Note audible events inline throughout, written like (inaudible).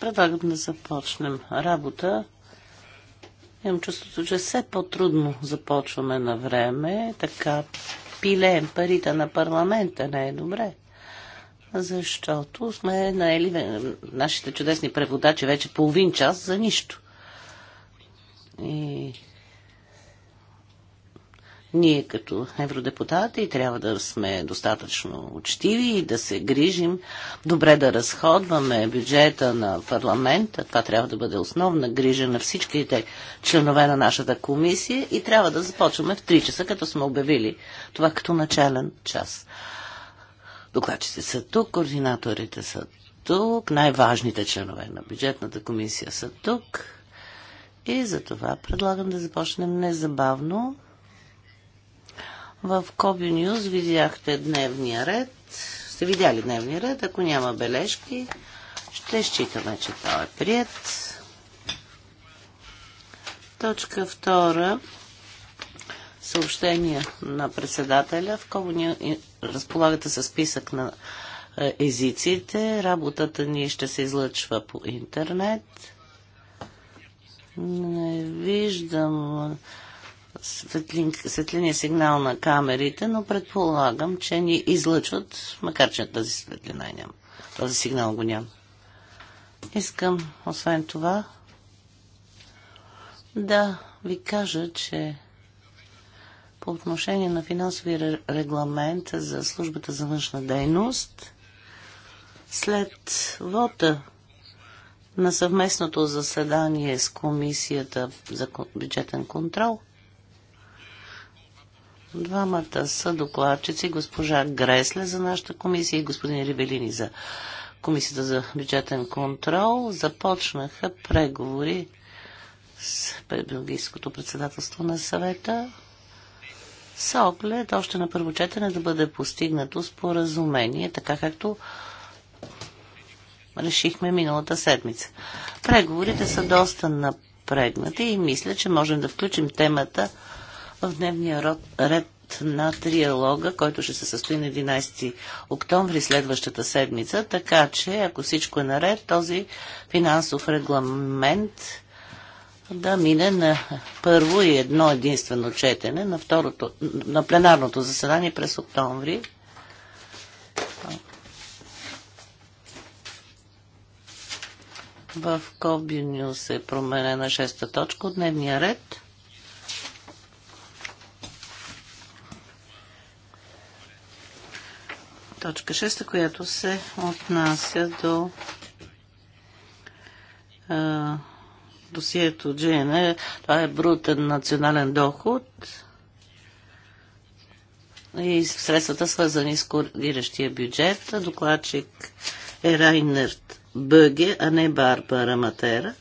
Предлагам да започнем работа. Имам чувството, че все по-трудно започваме на време. Така пилеем парите на парламента. Не е добре. Защото сме наели нашите чудесни преводачи вече половин час за нищо. И ние като евродепутати трябва да сме достатъчно учтиви и да се грижим добре да разходваме бюджета на парламента. Това трябва да бъде основна грижа на всичките членове на нашата комисия и трябва да започваме в 3 часа, като сме обявили това като начален час. Докладчите са тук, координаторите са тук, най-важните членове на бюджетната комисия са тук. И за това предлагам да започнем незабавно. В Коби Ньюз видяхте дневния ред. Сте видяли дневния ред. Ако няма бележки, ще считаме, че това е прият. Точка втора. Съобщение на председателя. В Кобю разполагате с списък на е, езиците. Работата ни ще се излъчва по интернет. Не виждам светлин, светлиния сигнал на камерите, но предполагам, че ни излъчват, макар че тази светлина и няма. Този сигнал го няма. Искам, освен това, да ви кажа, че по отношение на финансовия регламент за службата за външна дейност, след вота на съвместното заседание с Комисията за бюджетен контрол, Двамата са докладчици, госпожа Гресле за нашата комисия и господин Рибелини за Комисията за бюджетен контрол. Започнаха преговори с Белгийското председателство на съвета с оглед още на първо четене да бъде постигнато споразумение, така както решихме миналата седмица. Преговорите са доста напрегнати и мисля, че можем да включим темата в дневния род, ред на триалога, който ще се състои на 11 октомври следващата седмица, така че, ако всичко е наред, този финансов регламент да мине на първо и едно единствено четене на, второто, на пленарното заседание през октомври. В Кобю е променена шеста точка от дневния ред. точка 6, която се отнася до а, досието GNE. Това е брутен национален доход и средствата свързани с коригиращия бюджет. Докладчик е Райнерт Бъге, а не Барбара Матера.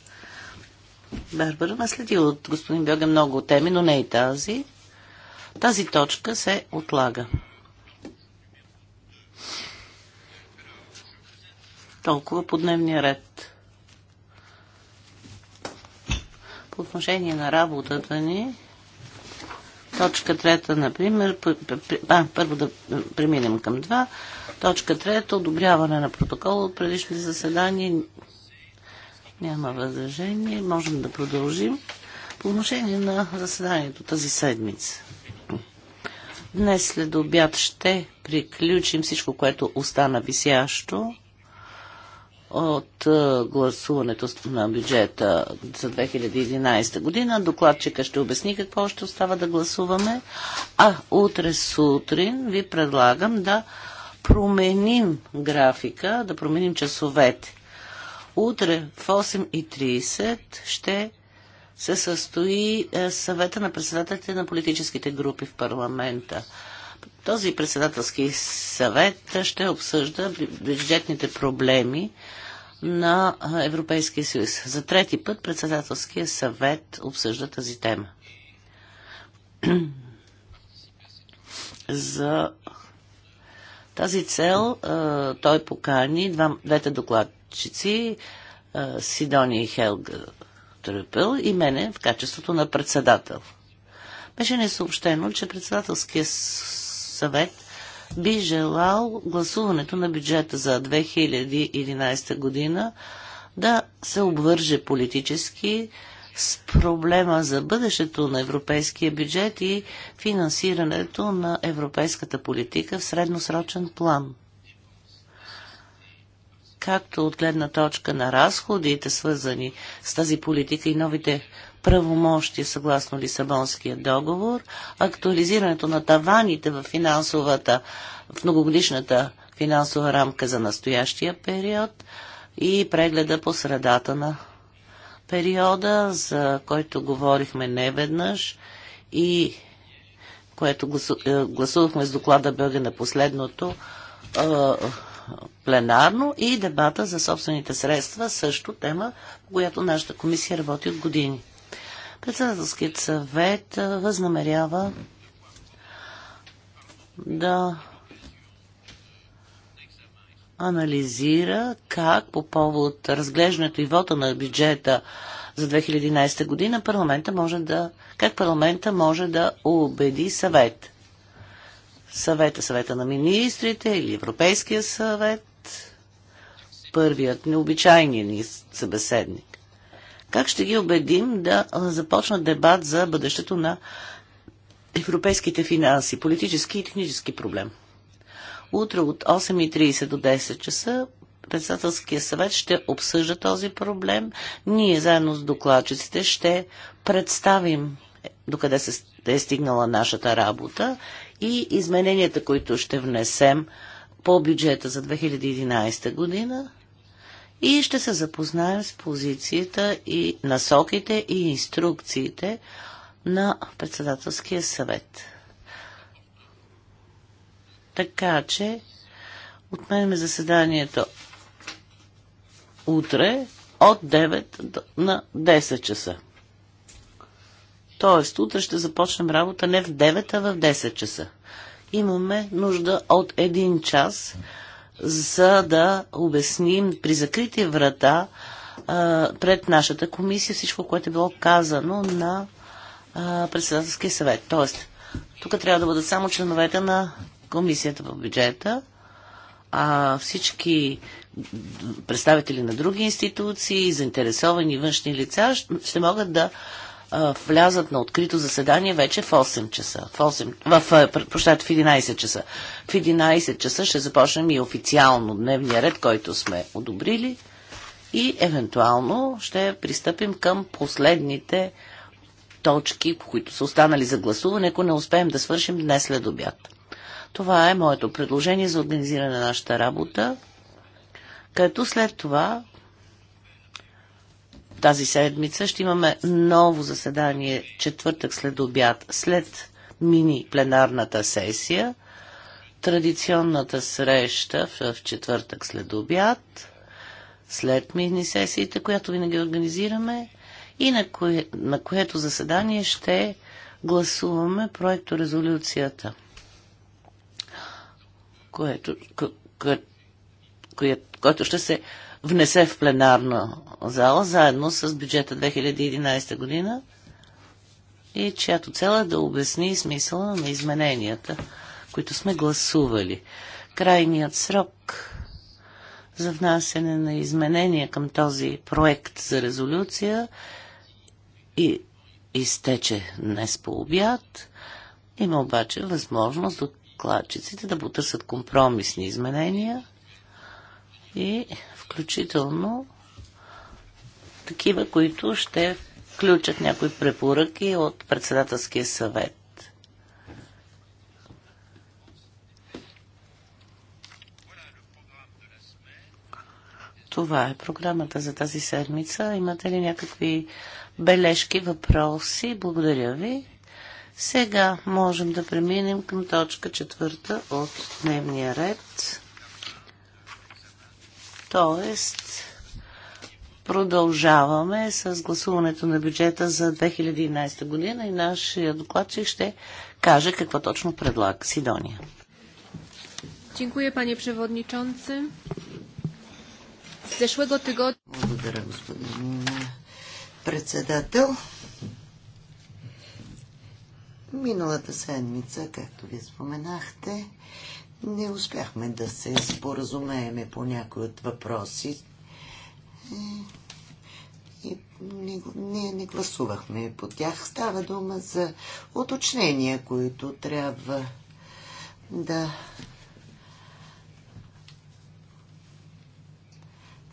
Барбара наследи от господин Бьоге много теми, но не и тази. Тази точка се отлага. Толкова по дневния ред. По отношение на работата ни, точка трета, например, а, първо да преминем към два. Точка трета, одобряване на протокол от предишни заседания. Няма възражение. Можем да продължим. По отношение на заседанието тази седмица. Днес след обяд ще приключим всичко, което остана висящо от гласуването на бюджета за 2011 година. Докладчика ще обясни какво ще остава да гласуваме. А утре сутрин ви предлагам да променим графика, да променим часовете. Утре в 8.30 ще се състои е, съвета на председателите на политическите групи в парламента. Този председателски съвет ще обсъжда бюджетните проблеми на е, Европейския съюз. За трети път председателския съвет обсъжда тази тема. (clears throat) За тази цел е, той покани двете докладчици Сидони и Хелга Трюпел и мене в качеството на председател. Беше ни съобщено, че председателския съвет би желал гласуването на бюджета за 2011 година да се обвърже политически с проблема за бъдещето на европейския бюджет и финансирането на европейската политика в средносрочен план както от гледна точка на разходите, свързани с тази политика и новите правомощи съгласно Лисабонския договор, актуализирането на таваните в финансовата, в многогодишната финансова рамка за настоящия период и прегледа по средата на периода, за който говорихме неведнъж и което е, гласувахме с доклада Бълга на последното е, пленарно и дебата за собствените средства, също тема, по която нашата комисия работи от години. Председателският съвет възнамерява да анализира как по повод разглеждането и вота на бюджета за 2011 година парламента може да, как парламента може да убеди съвет съвета, съвета на министрите или Европейския съвет, първият необичайният ни събеседник. Как ще ги убедим да започнат дебат за бъдещето на европейските финанси, политически и технически проблем? Утре от 8.30 до 10 часа председателския съвет ще обсъжда този проблем. Ние заедно с докладчиците ще представим докъде се е стигнала нашата работа и измененията, които ще внесем по бюджета за 2011 година и ще се запознаем с позицията и насоките и инструкциите на председателския съвет. Така че отменяме заседанието утре от 9 на 10 часа. Тоест, утре ще започнем работа не в 9, а в 10 часа. Имаме нужда от един час, за да обясним при закрити врата а, пред нашата комисия всичко, което е било казано на а, председателския съвет. Тоест, тук трябва да бъдат само членовете на комисията по бюджета, а всички представители на други институции, заинтересовани външни лица ще могат да влязат на открито заседание вече в 8 часа. В, 8, в, прощайте, в 11 часа. В 11 часа ще започнем и официално дневния ред, който сме одобрили и евентуално ще пристъпим към последните точки, които са останали за гласуване, ако не успеем да свършим днес след обяд. Това е моето предложение за организиране на нашата работа, като след това тази седмица ще имаме ново заседание четвъртък след обяд, след мини пленарната сесия, традиционната среща в четвъртък след обяд, след мини сесиите, която винаги организираме и на, кое, на което заседание ще гласуваме проекто резолюцията, което, ко, ко, което ще се внесе в пленарна зала, заедно с бюджета 2011 година и чиято цел е да обясни смисъла на измененията, които сме гласували. Крайният срок за внасене на изменения към този проект за резолюция и изтече днес по обяд. Има обаче възможност докладчиците да потърсят компромисни изменения – и включително такива, които ще включат някои препоръки от председателския съвет. Това е програмата за тази седмица. Имате ли някакви бележки, въпроси? Благодаря ви. Сега можем да преминем към точка четвърта от дневния ред. Тоест, продължаваме с гласуването на бюджета за 2011 година и нашия докладчик ще каже какво точно предлага Сидония. Dziękuję panie przewodniczący. Z zeszłego tygodnia... Благодаря, господин председател. Миналата седмица, както ви споменахте, не успяхме да се споразумееме по някои от въпроси. Е, и не, не, не гласувахме по тях. Става дума за уточнения, които трябва да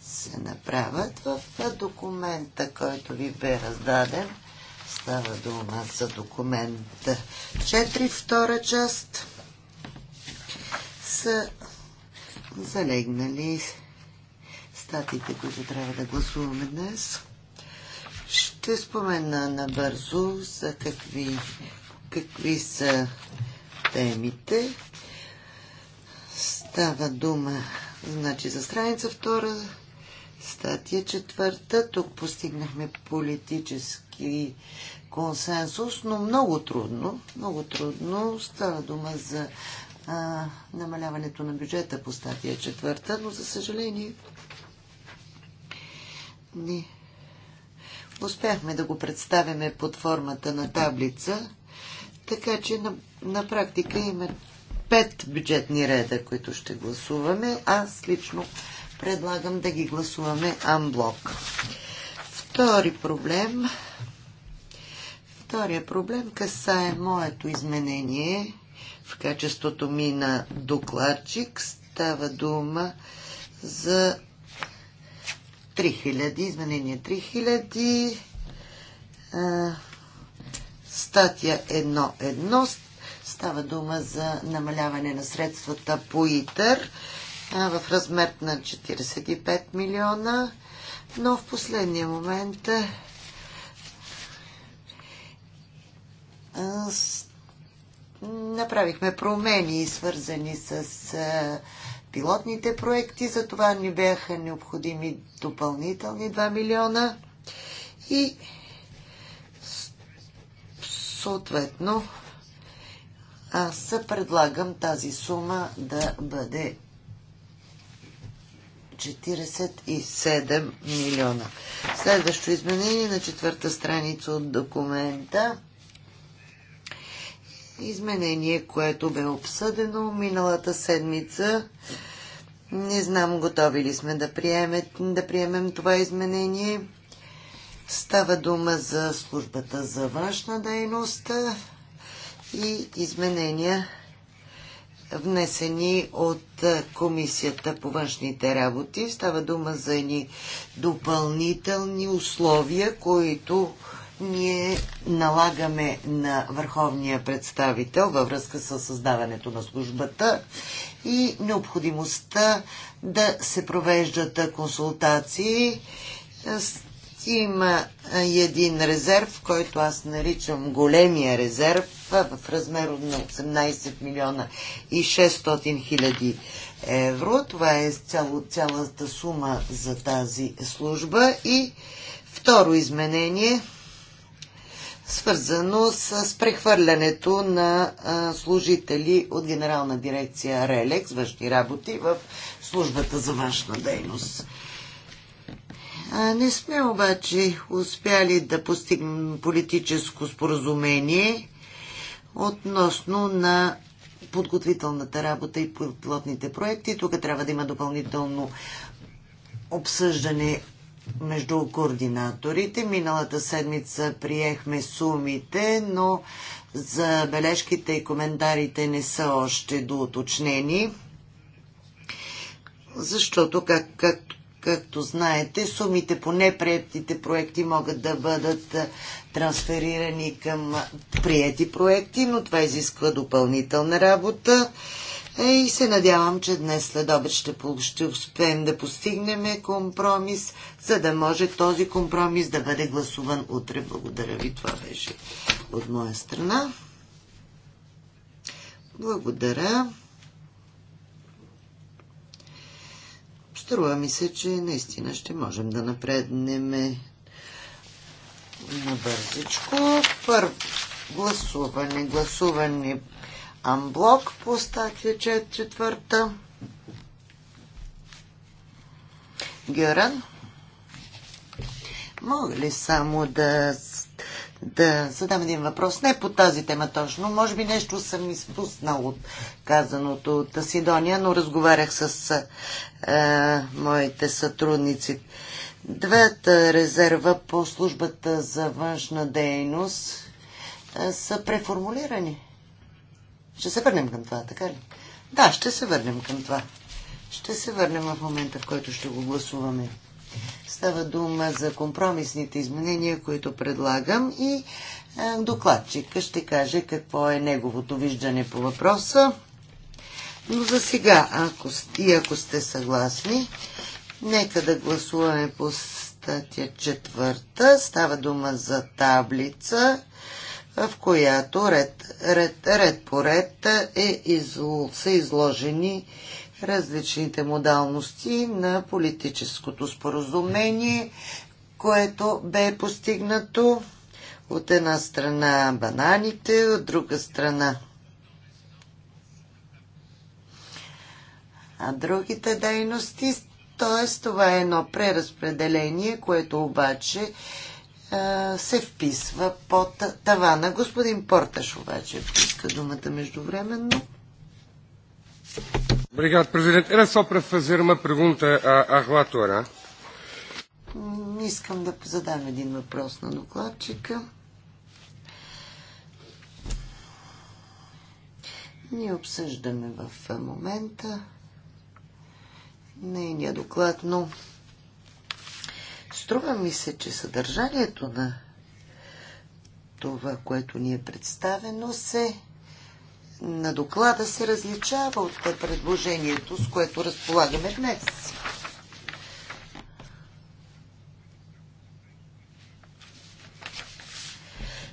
се направят в документа, който ви бе раздаден. Става дума за документ 4, втора част са залегнали статите, които трябва да гласуваме днес. Ще спомена набързо за какви, какви са темите. Става дума значи, за страница втора, статия четвърта. Тук постигнахме политически консенсус, но много трудно. Много трудно. Става дума за а, намаляването на бюджета по статия четвърта, но за съжаление не успяхме да го представяме под формата на таблица, така че на, на практика има пет бюджетни реда, които ще гласуваме. Аз лично предлагам да ги гласуваме амблок. Втори проблем. Втория проблем касае моето изменение в качеството ми на докладчик. Става дума за 3000, изменение 3000, а, статия 1.1. Става дума за намаляване на средствата по ИТър а, в размер на 45 милиона, но в последния момент а, направихме промени, свързани с пилотните проекти, за това ни бяха необходими допълнителни 2 милиона и съответно аз предлагам тази сума да бъде 47 милиона. Следващо изменение на четвърта страница от документа изменение, което бе обсъдено миналата седмица. Не знам готови ли сме да, приеме, да приемем това изменение. Става дума за службата за външна дейност и изменения внесени от Комисията по външните работи. Става дума за едни допълнителни условия, които ние налагаме на върховния представител във връзка с създаването на службата и необходимостта да се провеждат консултации. Има един резерв, който аз наричам големия резерв в размер на 18 милиона и 600 хиляди евро. Това е цяло, цялата сума за тази служба. И второ изменение – свързано с прехвърлянето на служители от Генерална дирекция РЕЛЕКС, външни работи, в службата за външна дейност. Не сме обаче успяли да постигнем политическо споразумение относно на подготвителната работа и пилотните проекти. Тук трябва да има допълнително обсъждане между координаторите. Миналата седмица приехме сумите, но забележките и коментарите не са още доуточнени, защото, как, как, както знаете, сумите по неприятните проекти могат да бъдат трансферирани към прияти проекти, но това изисква допълнителна работа. Е, и се надявам, че днес след обед ще, ще успеем да постигнем компромис, за да може този компромис да бъде гласуван утре. Благодаря ви, това беше от моя страна. Благодаря. Струва ми се, че наистина ще можем да напреднем бързичко. Първо гласуване, гласуване амблок по статия четвърта. Гюран, мога ли само да, да задам един въпрос? Не по тази тема точно. Може би нещо съм изпуснал от казаното от Сидония, но разговарях с а, моите сътрудници. Двата резерва по службата за външна дейност а, са преформулирани. Ще се върнем към това, така ли? Да, ще се върнем към това. Ще се върнем в момента, в който ще го гласуваме. Става дума за компромисните изменения, които предлагам и е, докладчика ще каже какво е неговото виждане по въпроса. Но за сега, ако, и ако сте съгласни, нека да гласуваме по статия четвърта. Става дума за таблица в която ред, ред, ред по ред е изл, са изложени различните модалности на политическото споразумение, което бе постигнато от една страна бананите, от друга страна а другите дейности. Т.е. това е едно преразпределение, което обаче се вписва под тавана. Господин Порташ обаче иска думата междувременно. Obrigado, Presidente. Era só para fazer uma Искам да задам един въпрос на докладчика. Ние обсъждаме в момента нейния доклад, но Струва ми се, че съдържанието на това, което ни е представено, се на доклада се различава от предложението, с което разполагаме днес.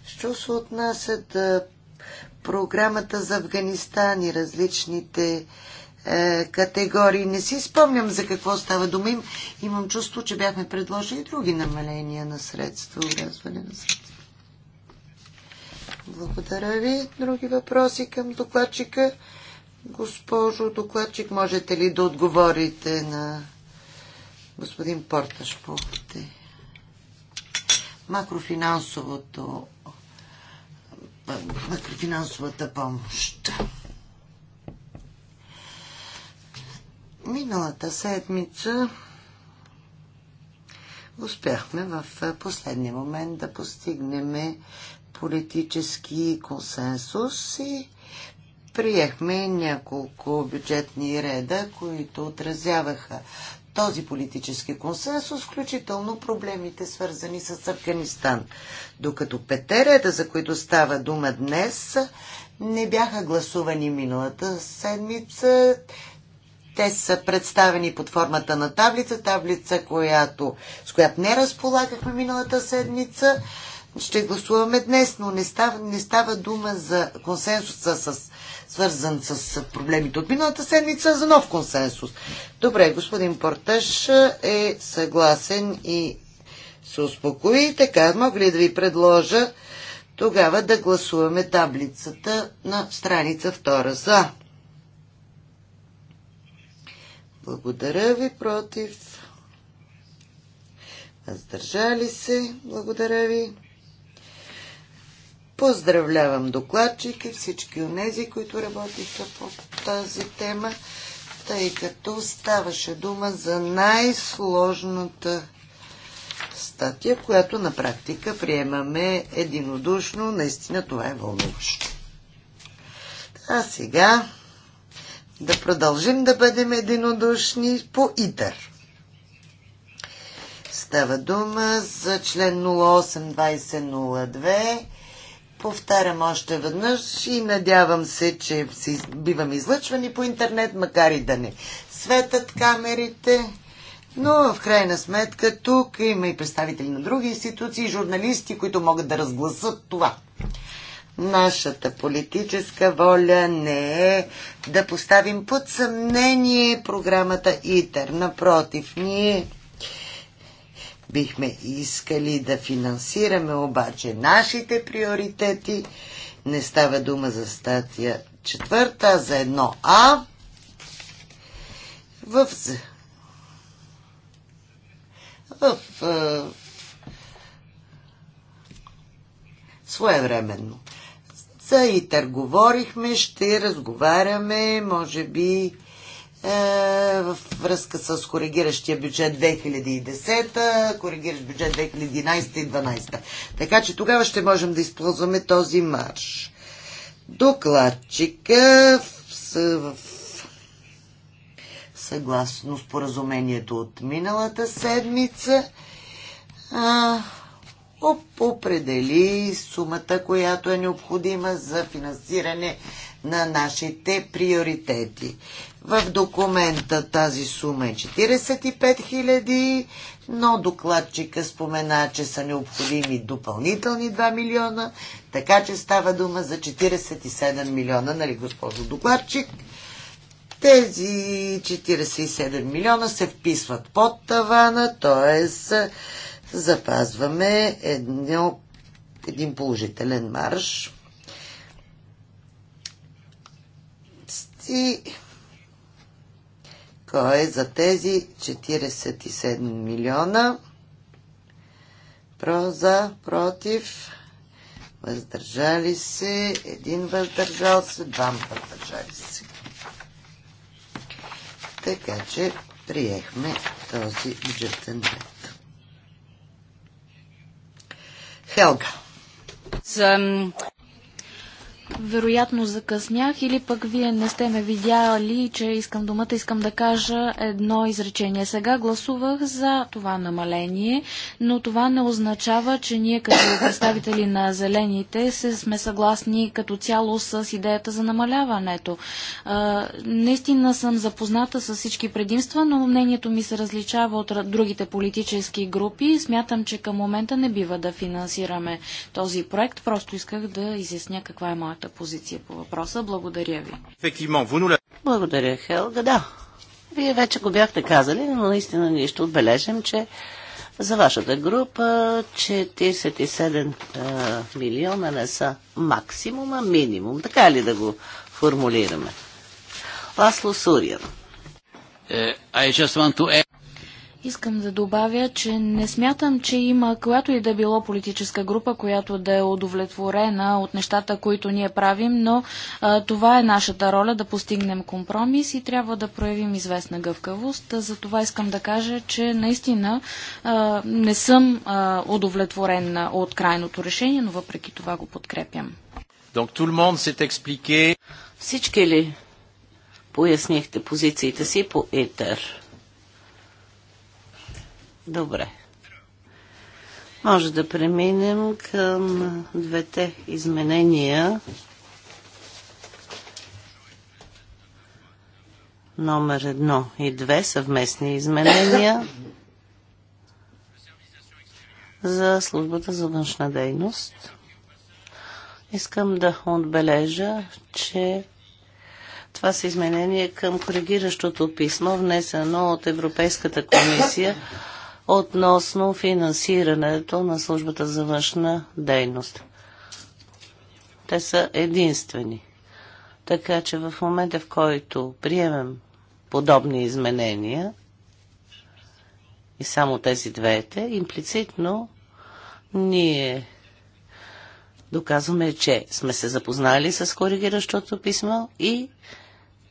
Що се отнася програмата за Афганистан и различните е, категории. Не си спомням за какво става дума. Им, имам чувство, че бяхме предложили други намаления на средства, урязване на средства. Благодаря ви. Други въпроси към докладчика? Госпожо докладчик, можете ли да отговорите на господин Порташ по макрофинансовото макрофинансовата помощ? Миналата седмица успяхме в последния момент да постигнем политически консенсус и приехме няколко бюджетни реда, които отразяваха този политически консенсус, включително проблемите свързани с Афганистан. Докато пете реда, за които става дума днес, не бяха гласувани миналата седмица, те са представени под формата на таблица, таблица, която, с която не разполагахме миналата седмица. Ще гласуваме днес, но не става, не става дума за консенсуса, с, свързан с проблемите от миналата седмица, за нов консенсус. Добре, господин Порташ е съгласен и се успокои. Така, мога ли да ви предложа тогава да гласуваме таблицата на страница 2 за? Благодаря ви против. Въздържали се. Благодаря ви. Поздравлявам докладчик и всички тези, които работиха по тази тема, тъй като ставаше дума за най-сложната статия, която на практика приемаме единодушно. Наистина това е вълнуващо. А сега да продължим да бъдем единодушни по ИТЕР. Става дума за член 082002. Повтарям още веднъж и надявам се, че бивам излъчвани по интернет, макар и да не светят камерите. Но в крайна сметка тук има и представители на други институции, журналисти, които могат да разгласат това. Нашата политическа воля не е да поставим под съмнение програмата ИТЕР. Напротив, ние бихме искали да финансираме обаче нашите приоритети. Не става дума за статия четвърта, за едно А. В, в, в е, своевременно и търговорихме, ще разговаряме, може би е, в връзка с коригиращия бюджет 2010, коригиращ бюджет 2011 и 2012. Така че тогава ще можем да използваме този марш. Докладчика в, в, съгласно споразумението от миналата седмица а, определи сумата, която е необходима за финансиране на нашите приоритети. В документа тази сума е 45 000, но докладчика спомена, че са необходими допълнителни 2 милиона, така че става дума за 47 милиона, нали госпожо докладчик? Тези 47 милиона се вписват под тавана, т.е запазваме едно, един положителен марш. И кой е за тези 47 милиона? Про, за, против, въздържали се, един въздържал се, двама въздържали се. Така че приехме този бюджетен бюджет. Хелга вероятно закъснях или пък вие не сте ме видяли, че искам думата, искам да кажа едно изречение. Сега гласувах за това намаление, но това не означава, че ние като представители на зелените се сме съгласни като цяло с идеята за намаляването. А, наистина съм запозната с всички предимства, но мнението ми се различава от другите политически групи. Смятам, че към момента не бива да финансираме този проект. Просто исках да изясня каква е моята вашата позиция по въпроса. Благодаря ви. Благодаря, Хелга. Да, вие вече го бяхте казали, но наистина ние ще отбележим, че за вашата група 47 милиона не са максимума, минимум. Така ли да го формулираме? Ласло Сурян. Е, to... Искам да добавя, че не смятам, че има която и да било политическа група, която да е удовлетворена от нещата, които ние правим, но а, това е нашата роля да постигнем компромис и трябва да проявим известна гъвкавост. За това искам да кажа, че наистина а, не съм а, удовлетворен от крайното решение, но въпреки това го подкрепям. Всички ли пояснихте позициите си по ЕТЕР? Добре. Може да преминем към двете изменения. Номер едно и две съвместни изменения за службата за външна дейност. Искам да отбележа, че това са изменения към коригиращото писмо, внесено от Европейската комисия относно финансирането на службата за външна дейност. Те са единствени. Така че в момента, в който приемем подобни изменения и само тези двете, имплицитно ние доказваме, че сме се запознали с коригиращото писмо и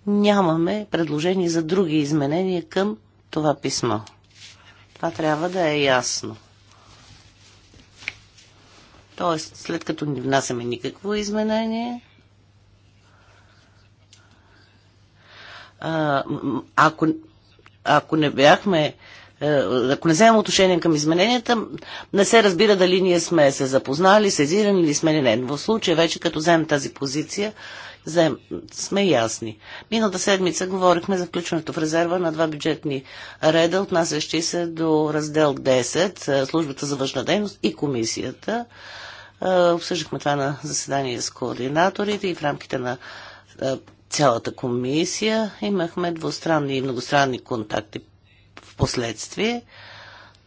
нямаме предложение за други изменения към това писмо. Това трябва да е ясно. Тоест, след като не внасяме никакво изменение, ако, ако не бяхме е, ако не вземем отношение към измененията, не се разбира дали ние сме се запознали, сезирани или сме не. В случая вече като вземем тази позиция, взем, сме ясни. Миналата седмица говорихме за включването в резерва на два бюджетни реда, отнасящи се до раздел 10, е, службата за външна дейност и комисията. Е, обсъждахме това на заседание с координаторите и в рамките на цялата комисия. Имахме двустранни и многостранни контакти последствие.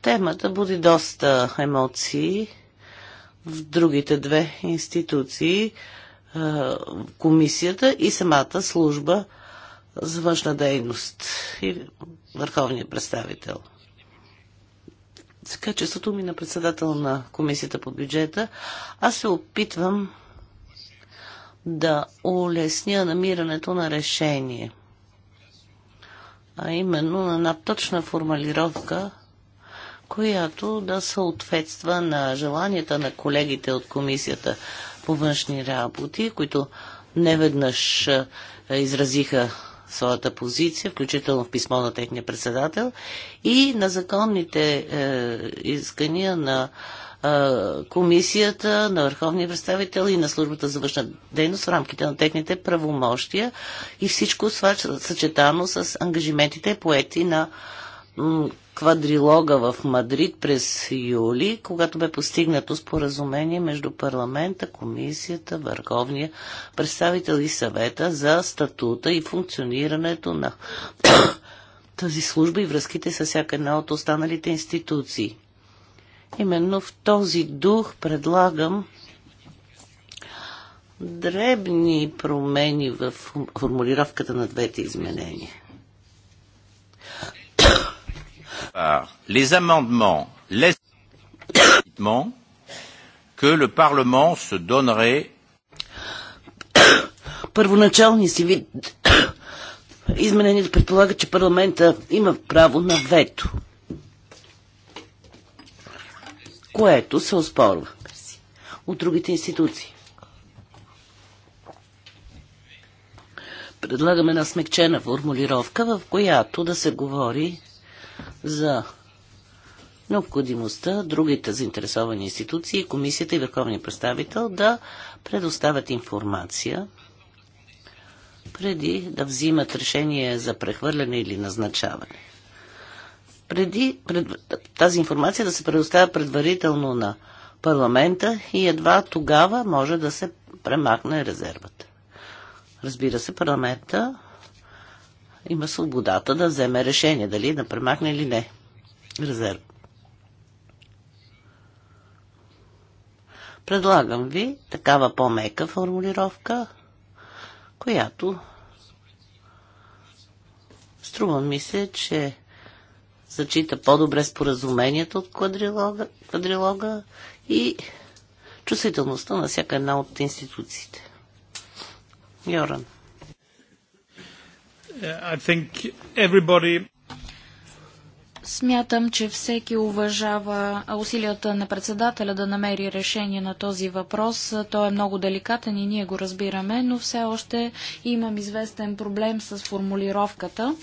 Темата буди доста емоции в другите две институции, е, комисията и самата служба за външна дейност и върховния представител. В качеството ми на председател на комисията по бюджета, аз се опитвам да улесня намирането на решение – а именно една точна формулировка, която да съответства на желанията на колегите от Комисията по външни работи, които неведнъж изразиха своята позиция, включително в писмо на техния председател, и на законните е, искания на комисията, на върховния представител и на службата за външна дейност в рамките на техните правомощия и всичко това съчетано с ангажиментите поети на квадрилога в Мадрид през юли, когато бе постигнато споразумение между парламента, комисията, върховния представител и съвета за статута и функционирането на (coughs) тази служба и връзките с всяка една от останалите институции. Именно в този дух предлагам дребни промени в формулировката на двете изменения. Les amendements laissent que le Parlement se donnerait си вид изменението предполага, че парламента има право на вето което се оспорва от другите институции. Предлагаме една смекчена формулировка, в която да се говори за необходимостта другите заинтересовани институции, комисията и върховния представител да предоставят информация преди да взимат решение за прехвърляне или назначаване преди пред, тази информация да се предоставя предварително на парламента и едва тогава може да се премахне резервата. Разбира се, парламента има свободата да вземе решение дали да премахне или не резерв. Предлагам ви такава по-мека формулировка, която струва ми се, че зачита по-добре споразумението от квадрилога, квадрилога и чувствителността на всяка една от институциите. Йоран. I think everybody Смятам, че всеки уважава усилията на председателя да намери решение на този въпрос. Той е много деликатен и ние го разбираме, но все още имам известен проблем с формулировката.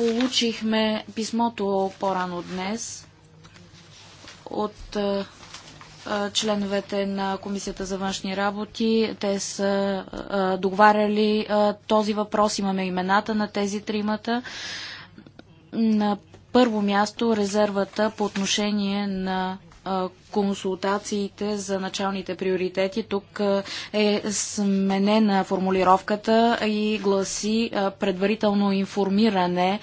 Получихме писмото по-рано днес от членовете на Комисията за външни работи. Те са договаряли този въпрос. Имаме имената на тези тримата. На първо място резервата по отношение на консултациите за началните приоритети. Тук е сменена формулировката и гласи предварително информиране.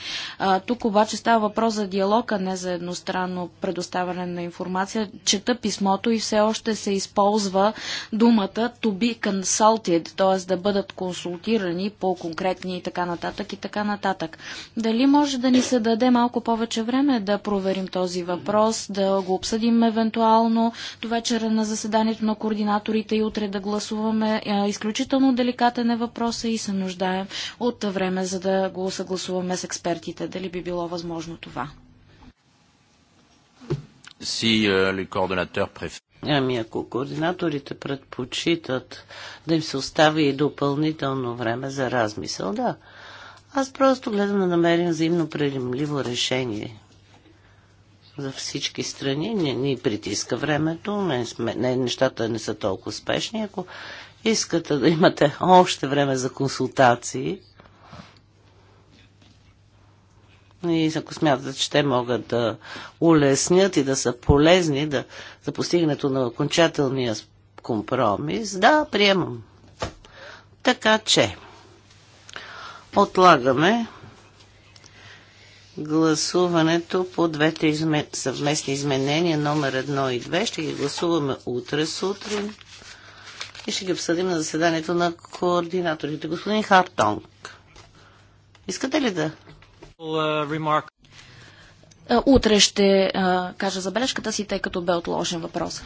Тук обаче става въпрос за диалог, а не за едностранно предоставяне на информация. Чета писмото и все още се използва думата to be consulted, т.е. да бъдат консултирани по конкретни и така нататък и така нататък. Дали може да ни се даде малко повече време да проверим този въпрос, да го обсъдим евентуално до вечера на заседанието на координаторите и утре да гласуваме. Е, изключително деликатен е въпроса и се нуждаем от време, за да го съгласуваме с експертите. Дали би било възможно това? Si euh, е, les Ами ако координаторите предпочитат да им се остави и допълнително време за размисъл, да. Аз просто гледам да намерим взаимно приемливо решение за всички страни. Не ни притиска времето, не, не, нещата не са толкова спешни. Ако искате да имате още време за консултации и ако смятате, че те могат да улеснят и да са полезни да, за постигането на окончателния компромис, да, приемам. Така че, отлагаме гласуването по двете изме... съвместни изменения номер 1 и 2. Ще ги гласуваме утре сутрин и ще ги обсъдим на заседанието на координаторите. Господин Хартонг, искате ли да? Е, утре ще а, е, кажа забележката си, тъй като бе отложен въпрос.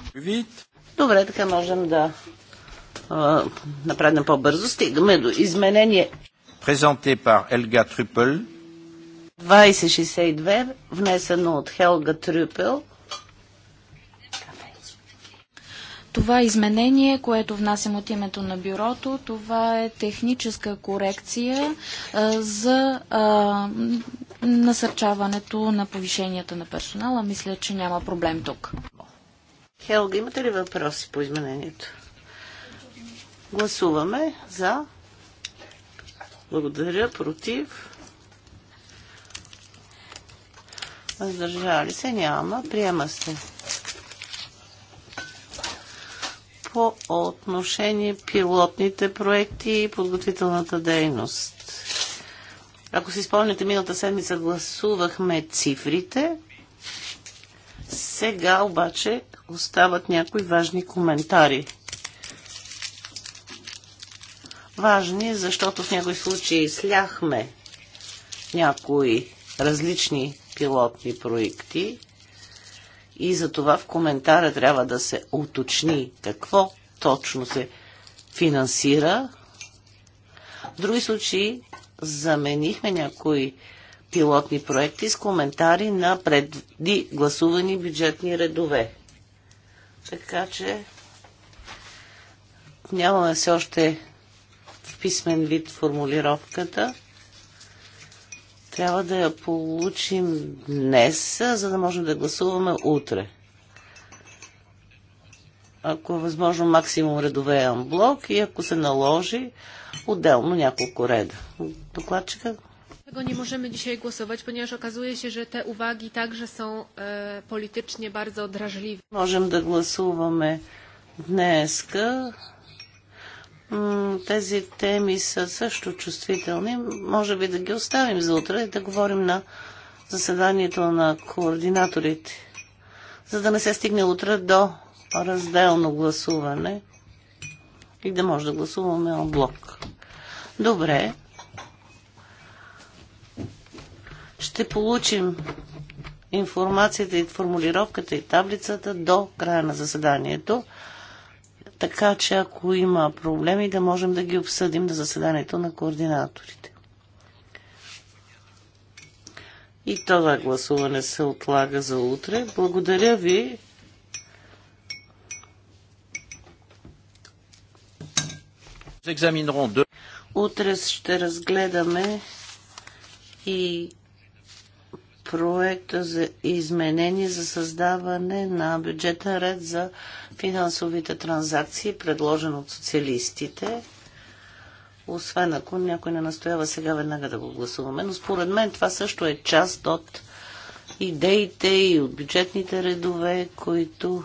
Добре, така можем да е, направим по-бързо. Стигаме до изменение. Презенте пар Елга Трипъл. 2062, внесено от Хелга Трюпел. Това изменение, което внасям от името на бюрото, това е техническа корекция а, за а, насърчаването на повишенията на персонала. Мисля, че няма проблем тук. Хелга, имате ли въпроси по изменението? Гласуваме за. Благодаря. Против. Въздържали се няма. Приема се. По отношение пилотните проекти и подготвителната дейност. Ако си спомняте, миналата седмица гласувахме цифрите. Сега обаче остават някои важни коментари. Важни, защото в някои случаи сляхме някои различни пилотни проекти и за това в коментара трябва да се уточни какво точно се финансира. В други случаи заменихме някои пилотни проекти с коментари на преди гласувани бюджетни редове. Така че нямаме все още в писмен вид формулировката. Трябва да я получим днес, за да можем да гласуваме утре. Ако е възможно максимум редове е блок и ако се наложи, отделно няколко реда. Докладчика? Tego nie możemy dzisiaj głosować, ponieważ okazuje się, że te uwagi także są e, politycznie bardzo drażliwe. Możemy da głosujemy dneska, тези теми са също чувствителни. Може би да ги оставим за утре и да говорим на заседанието на координаторите, за да не се стигне утре до разделно гласуване и да може да гласуваме на блок. Добре. Ще получим информацията и формулировката и таблицата до края на заседанието така че ако има проблеми, да можем да ги обсъдим на заседанието на координаторите. И това гласуване се отлага за утре. Благодаря ви. Утре ще разгледаме и проекта за изменение за създаване на бюджетен ред за финансовите транзакции, предложен от социалистите. Освен ако някой не настоява сега веднага да го гласуваме. Но според мен това също е част от идеите и от бюджетните редове, които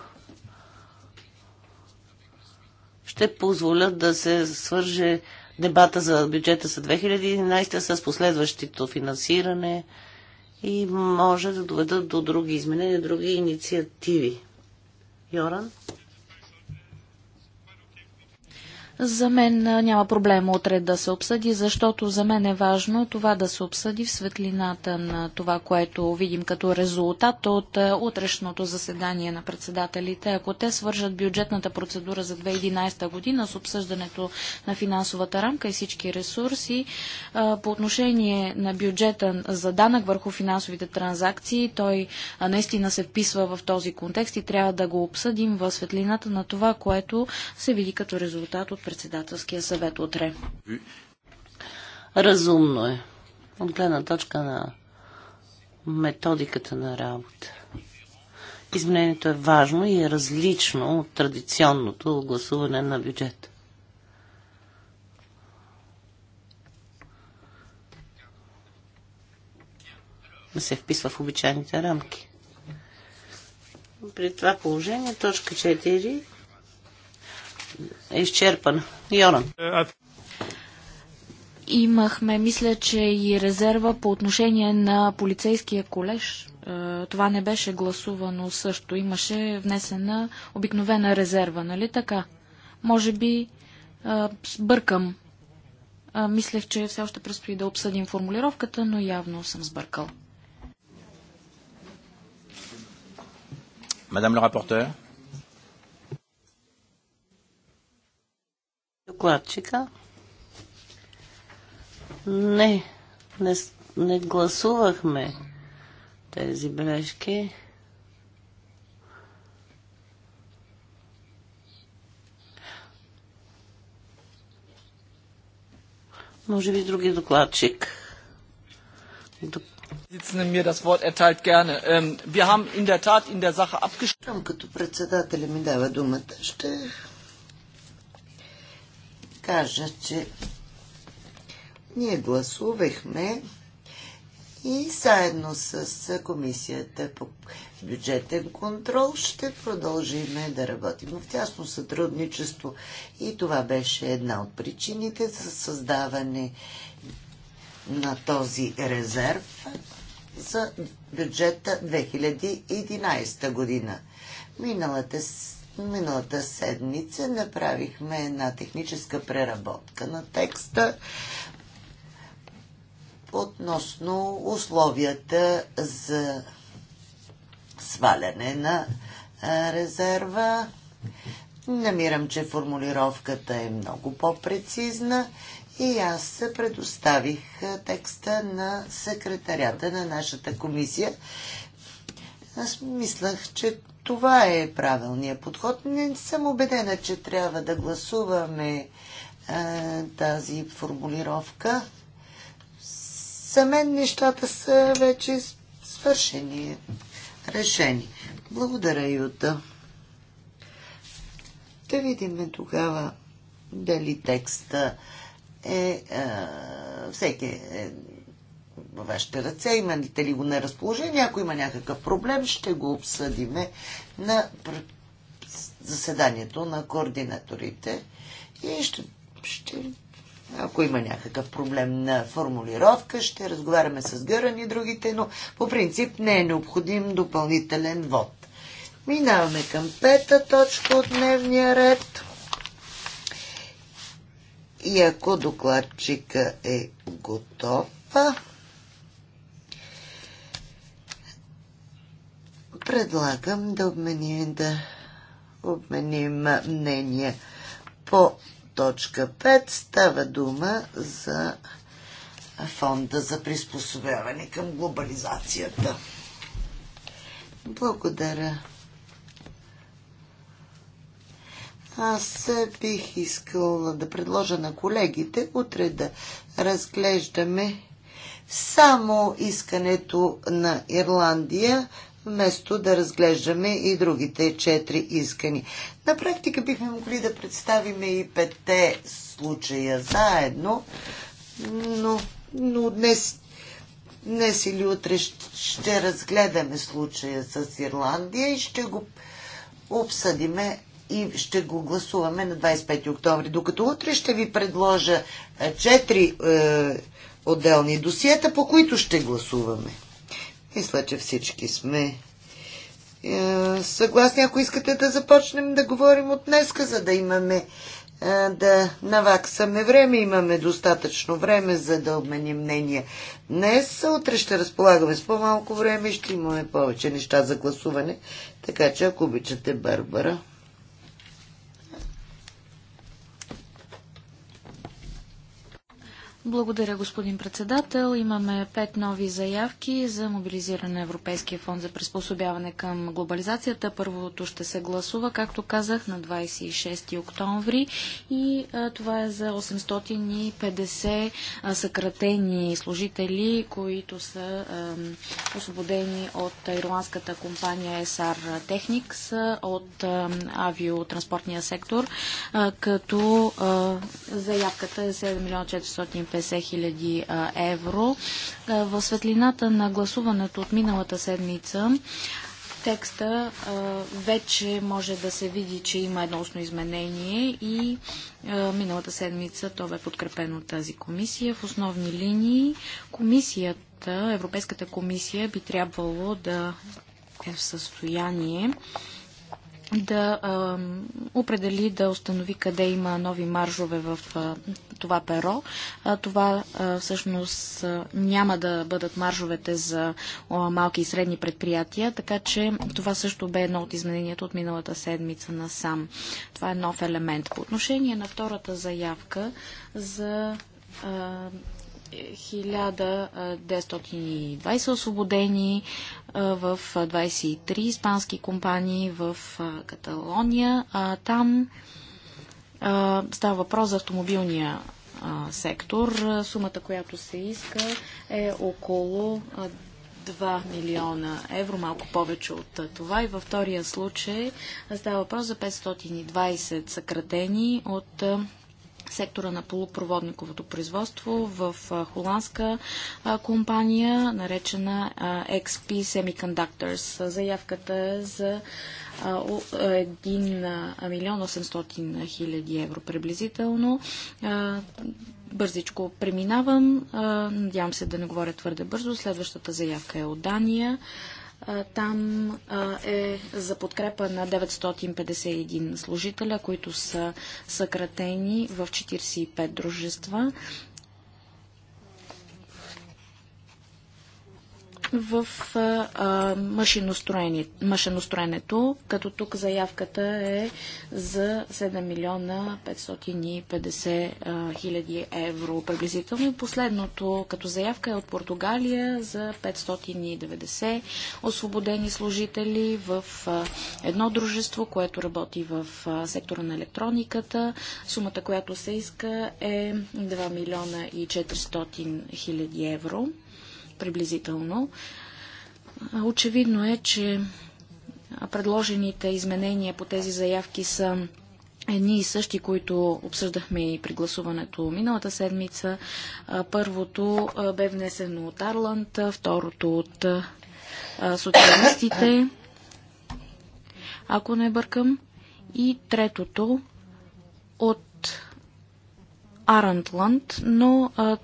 ще позволят да се свърже дебата за бюджета за 2011 с последващото финансиране и може да доведат до други изменения, други инициативи. Йоран? За мен няма проблем утре да се обсъди, защото за мен е важно това да се обсъди в светлината на това, което видим като резултат от утрешното заседание на председателите. Ако те свържат бюджетната процедура за 2011 година с обсъждането на финансовата рамка и всички ресурси, по отношение на бюджета за данък върху финансовите транзакции, той наистина се вписва в този контекст и трябва да го обсъдим в светлината на това, което се види като резултат от председателския съвет утре. Разумно е. От гледна точка на методиката на работа. Изменението е важно и е различно от традиционното гласуване на бюджет. не се вписва в обичайните рамки. При това положение точка 4 е изчерпан. Йоран. Имахме, мисля, че и резерва по отношение на полицейския колеж. Е, това не беше гласувано също. Имаше внесена обикновена резерва, нали така? Може би е, сбъркам. Е, мислех, че все още предстои да обсъдим формулировката, но явно съм сбъркал. Мадам ле рапортер. докладчика. Не, не, не гласувахме тези бележки. Може би други докладчик. Док... Mir das Wort erteilt gerne. Ähm, wir haben in der Tat in der Sache abgestimmt. Като председателя ми дава думата, ще кажа, че ние гласувахме и заедно с Комисията по бюджетен контрол ще продължим да работим в тясно сътрудничество. И това беше една от причините за създаване на този резерв за бюджета 2011 година. Миналата Миналата седмица направихме една техническа преработка на текста относно условията за сваляне на резерва. Намирам, че формулировката е много по-прецизна и аз предоставих текста на секретарята на нашата комисия. Аз мислях, че това е правилният подход. Не съм убедена, че трябва да гласуваме а, тази формулировка. За мен нещата са вече свършени, решени. Благодаря, Юта. Да видим тогава дали текста е а, всеки е, във вашите ръце, имате ли го на разположение, ако има някакъв проблем, ще го обсъдиме на заседанието на координаторите и ще, ще ако има някакъв проблем на формулировка, ще разговаряме с Гърани и другите, но по принцип не е необходим допълнителен вод. Минаваме към пета точка от дневния ред. И ако докладчика е готова, предлагам да обменим, да обменим мнение по точка 5. Става дума за фонда за приспособяване към глобализацията. Благодаря. Аз бих искала да предложа на колегите утре да разглеждаме само искането на Ирландия вместо да разглеждаме и другите четири искани. На практика бихме могли да представим и петте случая заедно, но, но днес, днес или утре ще разгледаме случая с Ирландия и ще го обсъдиме и ще го гласуваме на 25 октомври. Докато утре ще ви предложа е, четири е, отделни досиета, по които ще гласуваме. Мисля, че всички сме е, съгласни. Ако искате да започнем да говорим от днеска, за да имаме е, да наваксаме време. Имаме достатъчно време, за да обменим мнение. Днес, утре ще разполагаме с по-малко време, ще имаме повече неща за гласуване. Така че, ако обичате, Барбара. Благодаря, господин председател. Имаме пет нови заявки за мобилизиране на Европейския фонд за приспособяване към глобализацията. Първото ще се гласува, както казах, на 26 октомври и а, това е за 850 а, съкратени служители, които са а, освободени от ирландската компания SR Technics от а, авиотранспортния сектор, а, като а, заявката е 7 450 250 хиляди евро. В светлината на гласуването от миналата седмица текста вече може да се види, че има едно устно изменение и миналата седмица то бе подкрепено от тази комисия. В основни линии комисията, Европейската комисия би трябвало да е в състояние да а, определи, да установи къде има нови маржове в а, това перо. А, това а, всъщност а, няма да бъдат маржовете за а, малки и средни предприятия, така че това също бе едно от измененията от миналата седмица на сам. Това е нов елемент. По отношение на втората заявка за 1920 освободени в 23 испански компании в Каталония. а Там става въпрос за автомобилния сектор. Сумата, която се иска е около 2 милиона евро, малко повече от това. И във втория случай става въпрос за 520 съкратени от сектора на полупроводниковото производство в холандска компания, наречена XP Semiconductors. Заявката е за 1 милион 800 хиляди евро приблизително. Бързичко преминавам. Надявам се да не говоря твърде бързо. Следващата заявка е от Дания там е за подкрепа на 951 служителя, които са съкратени в 45 дружества. в а, машиностроенето, като тук заявката е за 7 милиона 550 хиляди евро приблизително. Последното като заявка е от Португалия за 590 освободени служители в а, едно дружество, което работи в а, сектора на електрониката. Сумата, която се иска е 2 милиона и 400 хиляди евро приблизително. Очевидно е, че предложените изменения по тези заявки са едни и същи, които обсъждахме и при гласуването миналата седмица. Първото бе внесено от Арланд, второто от социалистите, ако не бъркам, и третото от Арантланд, но а,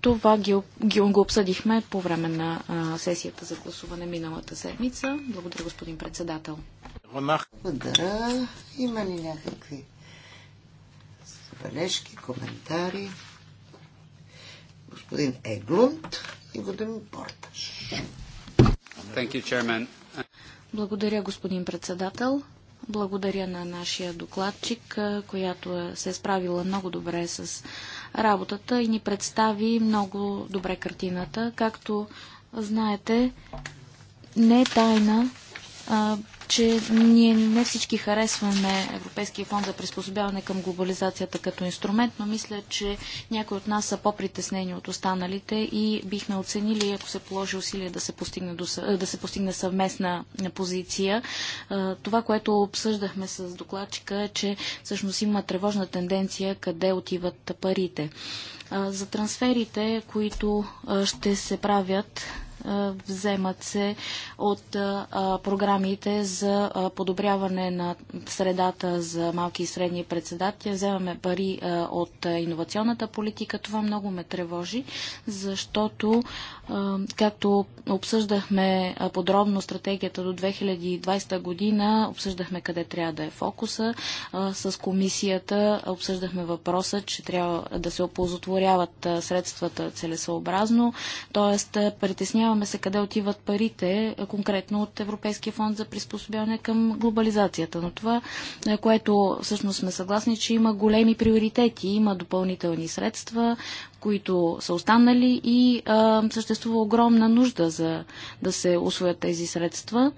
това ги, ги, го обсъдихме по време на а, сесията за гласуване миналата седмица. Благодаря, господин председател. Благодаря. Има ли някакви забележки, коментари? Господин Еглунд и господин Порташ. Благодаря, господин председател. Благодаря на нашия докладчик, която се е справила много добре с работата и ни представи много добре картината. Както знаете, не е тайна че ние не всички харесваме Европейския фонд за приспособяване към глобализацията като инструмент, но мисля, че някои от нас са по-притеснени от останалите и бихме оценили, ако се положи усилие да се постигне, до, да се постигне съвместна позиция. Това, което обсъждахме с докладчика е, че всъщност има тревожна тенденция къде отиват парите. За трансферите, които ще се правят вземат се от програмите за подобряване на средата за малки и средни председатели. Вземаме пари от иновационната политика. Това много ме тревожи, защото както обсъждахме подробно стратегията до 2020 година, обсъждахме къде трябва да е фокуса. С комисията обсъждахме въпроса, че трябва да се оползотворяват средствата целесообразно. Тоест, притеснява съмняваме се къде отиват парите, е, конкретно от Европейския фонд за приспособяване към глобализацията. Но това, е, което всъщност сме съгласни, че има големи приоритети, има допълнителни средства, които са останали и а, съществува огромна нужда за да се освоят тези средства.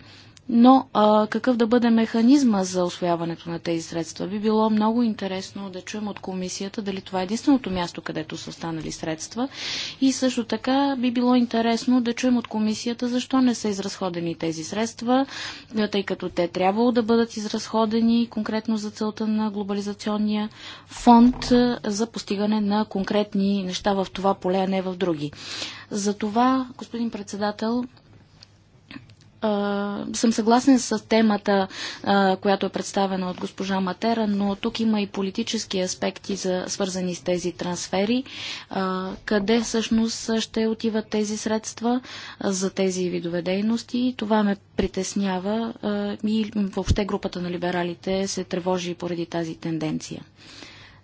Но а, какъв да бъде механизма за освояването на тези средства? Би било много интересно да чуем от комисията дали това е единственото място, където са останали средства. И също така би било интересно да чуем от комисията защо не са изразходени тези средства, тъй като те трябвало да бъдат изразходени конкретно за целта на глобализационния фонд за постигане на конкретни неща в това поле, а не в други. За това, господин председател, съм съгласен с темата, която е представена от госпожа Матера, но тук има и политически аспекти, за, свързани с тези трансфери. Къде всъщност ще отиват тези средства за тези видове дейности? Това ме притеснява и въобще групата на либералите се тревожи поради тази тенденция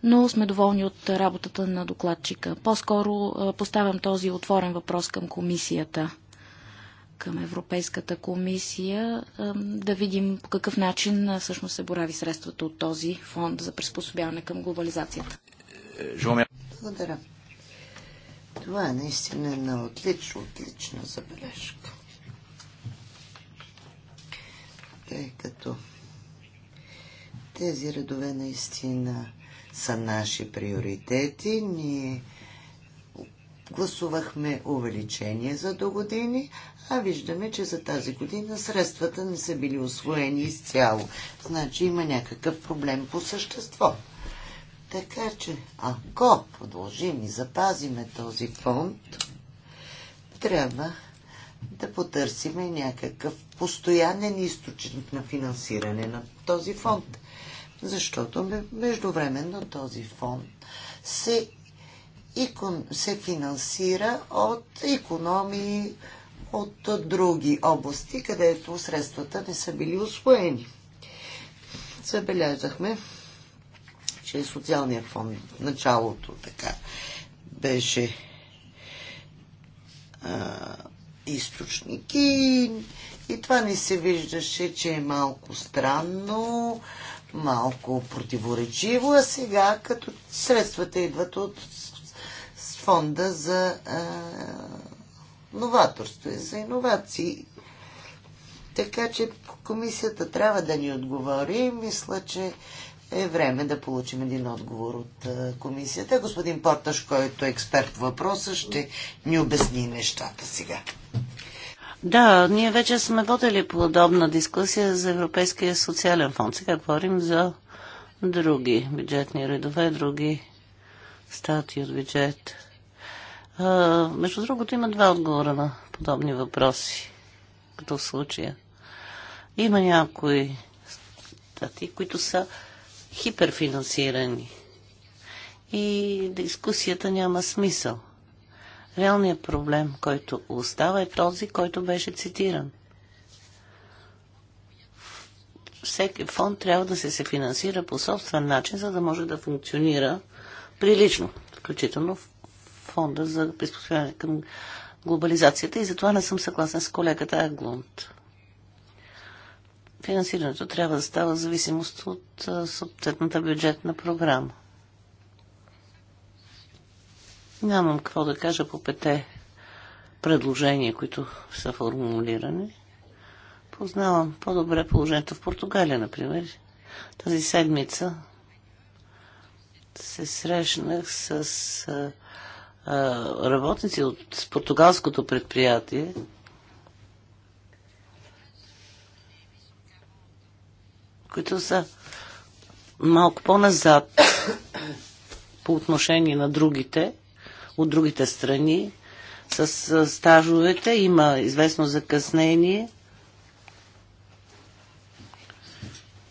но сме доволни от работата на докладчика. По-скоро поставям този отворен въпрос към комисията към Европейската комисия, да видим по какъв начин всъщност се борави средствата от този фонд за приспособяване към глобализацията. Благодаря. Това е наистина една отлично, отлична забележка. Тъй като тези редове наистина са наши приоритети, ние гласувахме увеличение за до години, а виждаме, че за тази година средствата не са били освоени изцяло. Значи има някакъв проблем по същество. Така че, ако продължим и запазиме този фонд, трябва да потърсиме някакъв постоянен източник на финансиране на този фонд. Защото междувременно този фонд се, икон, се финансира от економии, от други области, където средствата не са били освоени. Забелязахме, че социалният фонд в началото така беше а, източник и, и това не се виждаше, че е малко странно, малко противоречиво, а сега като средствата идват от фонда за а, новаторство и за иновации. Така че комисията трябва да ни отговори. и Мисля, че е време да получим един отговор от комисията. Господин Порташ, който е експерт в въпроса, ще ни обясни нещата сега. Да, ние вече сме водили подобна дискусия за Европейския социален фонд. Сега говорим за други бюджетни редове, други статии от бюджет. А, между другото, има два отговора на подобни въпроси, като в случая. Има някои стати, които са хиперфинансирани. И дискусията няма смисъл. Реалният проблем, който остава, е този, който беше цитиран. Всеки фонд трябва да се, се финансира по собствен начин, за да може да функционира прилично, включително в фонда за приспособяване към глобализацията и затова не съм съгласен с колегата Аглунд. Финансирането трябва да става в зависимост от съответната бюджетна програма. Нямам какво да кажа по пете предложения, които са формулирани. Познавам по-добре положението в Португалия, например. Тази седмица се срещнах с работници от португалското предприятие. които са малко по-назад по отношение на другите, от другите страни, с стажовете има известно закъснение.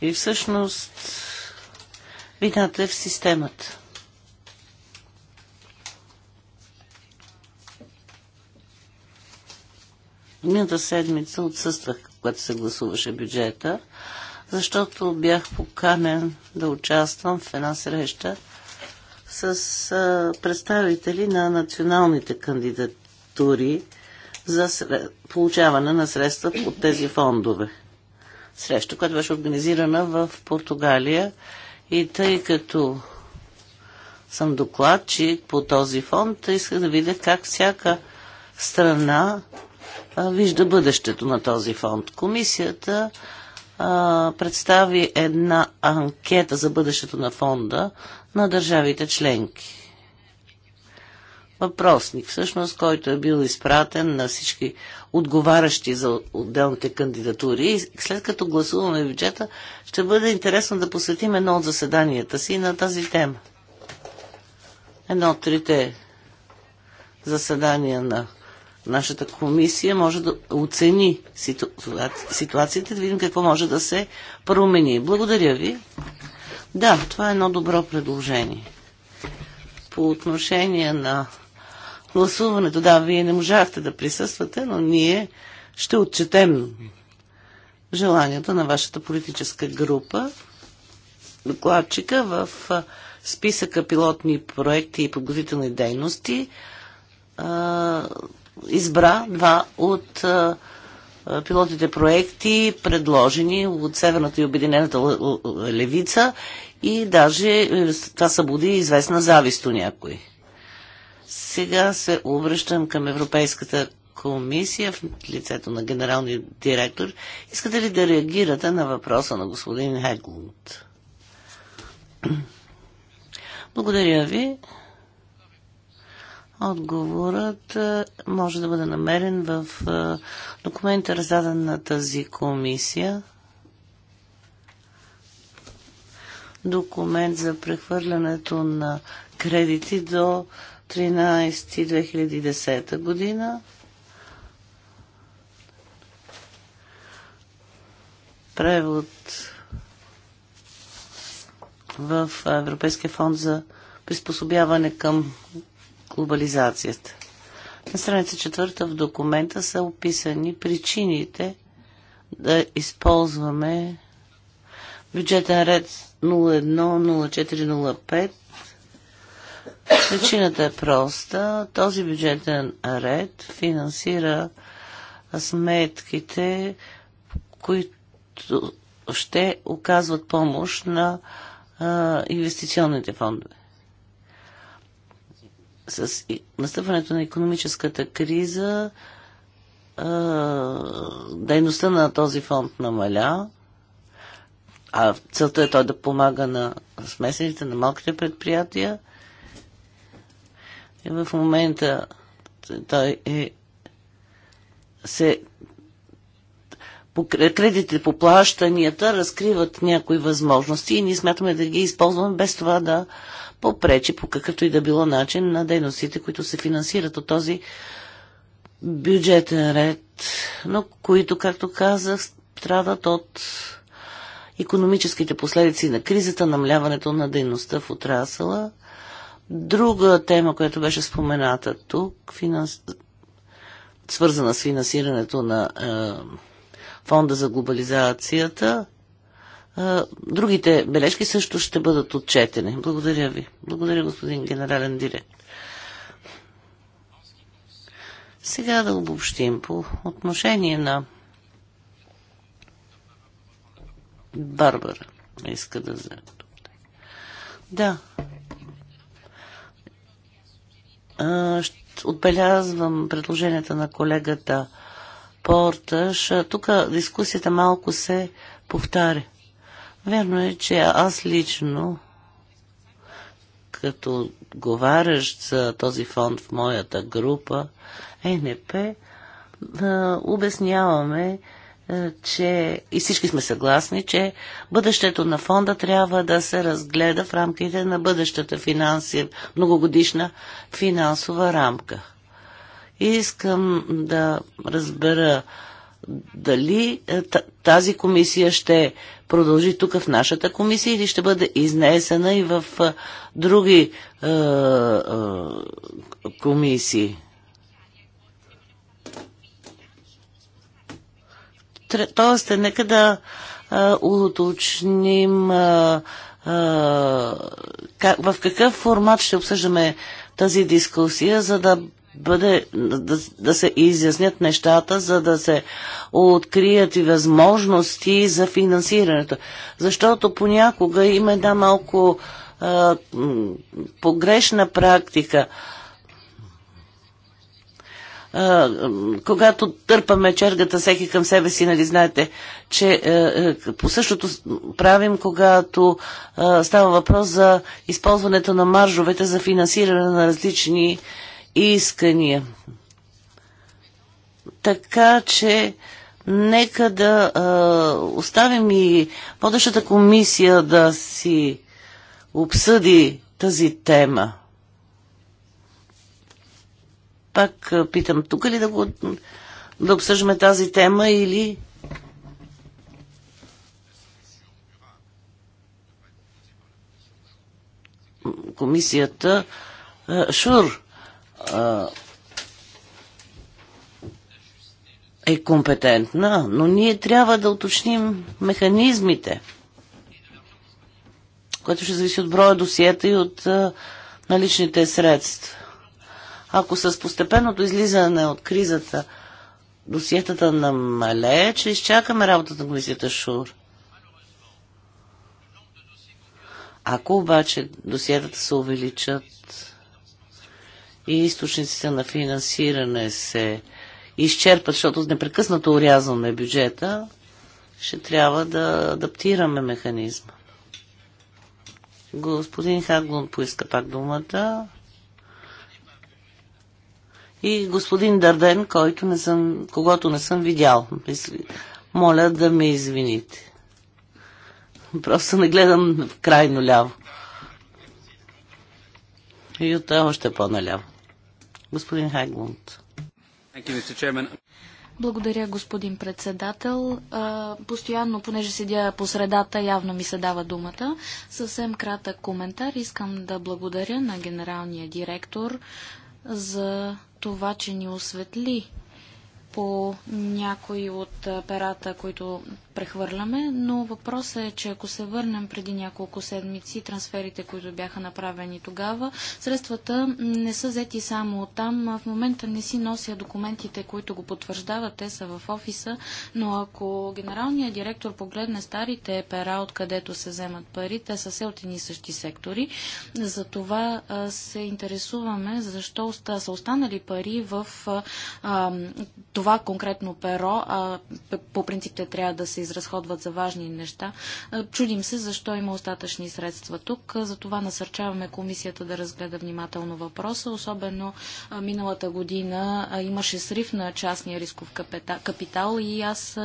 И всъщност вината е в системата. Миналата седмица отсъствах, когато се гласуваше бюджета, защото бях поканен да участвам в една среща с а, представители на националните кандидатури за сред... получаване на средства от тези фондове. Среща, която беше организирана в Португалия и тъй като съм докладчик по този фонд, исках да видя как всяка страна вижда бъдещето на този фонд. Комисията а, представи една анкета за бъдещето на фонда на държавите членки. Въпросник, всъщност, който е бил изпратен на всички отговарящи за отделните кандидатури. И след като гласуваме бюджета, ще бъде интересно да посветим едно от заседанията си на тази тема. Едно от трите заседания на нашата комисия може да оцени ситуацията, ситуацията да видим какво може да се промени. Благодаря ви. Да, това е едно добро предложение. По отношение на гласуването, да, вие не можахте да присъствате, но ние ще отчетем желанията на вашата политическа група, докладчика в списъка пилотни проекти и подготвителни дейности избра два от пилотните проекти, предложени от Северната и Обединената левица и даже е, това събуди известна завист у някой. Сега се обръщам към Европейската комисия в лицето на генералния директор. Искате ли да реагирате на въпроса на господин Хеглунд? Благодаря ви. Отговорът е, може да бъде намерен в е, документа, раздаден на тази комисия. Документ за прехвърлянето на кредити до 13-2010 година. Превод в Европейския фонд за приспособяване към глобализацията. На страница четвърта в документа са описани причините да използваме бюджетен ред 010405. Причината е проста. Този бюджетен ред финансира сметките, които ще оказват помощ на а, инвестиционните фондове с настъпването на економическата криза дейността на този фонд намаля, а целта е той да помага на смесените, на малките предприятия. И в момента той е, се кредитите, по плащанията разкриват някои възможности и ние смятаме да ги използваме без това да попречи по какъвто и да било начин на дейностите, които се финансират от този бюджетен ред, но които, както казах, страдат от економическите последици на кризата, намляването на дейността в отрасъла. Друга тема, която беше спомената тук, финанс... свързана с финансирането на е, фонда за глобализацията, Другите бележки също ще бъдат отчетени. Благодаря ви. Благодаря, господин генерален директор. Сега да обобщим по отношение на Барбара. Иска да вземе. Да. Отбелязвам предложенията на колегата Порташ. Тук дискусията малко се повтаря. Верно е, че аз лично, като говарящ за този фонд в моята група, ЕНП, обясняваме, че и всички сме съгласни, че бъдещето на фонда трябва да се разгледа в рамките на бъдещата финанси, многогодишна финансова рамка. И искам да разбера дали е, тази комисия ще продължи тук в нашата комисия или ще бъде изнесена и в е, други е, е, комисии. Тоест, нека да е, уточним е, е в какъв формат ще обсъждаме тази дискусия, за да бъде, да, да се изяснят нещата, за да се открият и възможности за финансирането. Защото понякога има една малко а, погрешна практика. А, когато търпаме чергата всеки към себе си, нали знаете, че а, е, е, по същото правим, когато а, е, става въпрос за използването на маржовете за финансиране на различни а, искания. Така че нека да а, оставим и водещата комисия да си обсъди тази тема. Пак а, питам, тук ли да, го, да обсъждаме тази тема или комисията Шур е компетентна, но ние трябва да уточним механизмите, което ще зависи от броя досиета и от наличните средства. Ако с постепенното излизане от кризата досиетата намалее, че изчакаме работата на комисията ШУР. Ако обаче досиетата се увеличат, и източниците на финансиране се изчерпат, защото непрекъснато урязваме бюджета, ще трябва да адаптираме механизма. Господин Хаглун поиска пак думата. И господин Дарден, който не съм, когато не съм видял. Моля да ме извините. Просто не гледам крайно ляво. И от още по-наляво. Господин Хайглунд. Благодаря, господин председател. Постоянно, понеже седя по средата, явно ми се дава думата. Съвсем кратък коментар. Искам да благодаря на генералния директор за това, че ни осветли по някои от перата, които прехвърляме, но въпросът е, че ако се върнем преди няколко седмици, трансферите, които бяха направени тогава, средствата не са взети само от там. В момента не си нося документите, които го потвърждават, те са в офиса, но ако генералният директор погледне старите пера, откъдето се вземат пари, те са все от едни същи сектори. За това се интересуваме защо са останали пари в това това конкретно перо, а по принцип те трябва да се изразходват за важни неща, чудим се защо има остатъчни средства тук. Затова насърчаваме комисията да разгледа внимателно въпроса. Особено миналата година имаше срив на частния рисков капитал и аз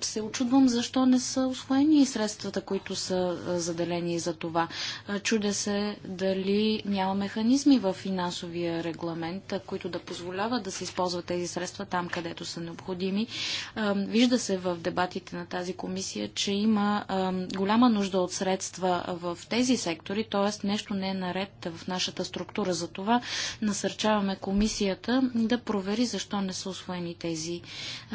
се очудвам защо не са освоени средствата, които са заделени за това. Чудя се дали няма механизми в финансовия регламент, които да позволяват да се използват тези средства там, където са необходими. Вижда се в дебатите на тази комисия, че има голяма нужда от средства в тези сектори, т.е. нещо не е наред в нашата структура. За това насърчаваме комисията да провери защо не са освоени тези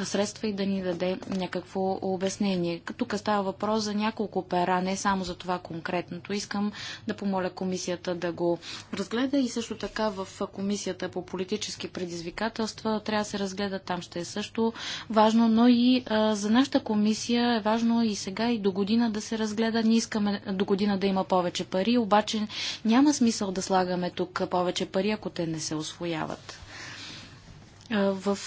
средства и да ни даде някакво обяснение. Тук става въпрос за няколко пера, не само за това конкретното. Искам да помоля комисията да го разгледа и също така в комисията по политически предизвикателства трябва да се разгледа прегледа там ще е също важно, но и а, за нашата комисия е важно и сега и до година да се разгледа. Ние искаме до година да има повече пари, обаче няма смисъл да слагаме тук повече пари, ако те не се освояват. В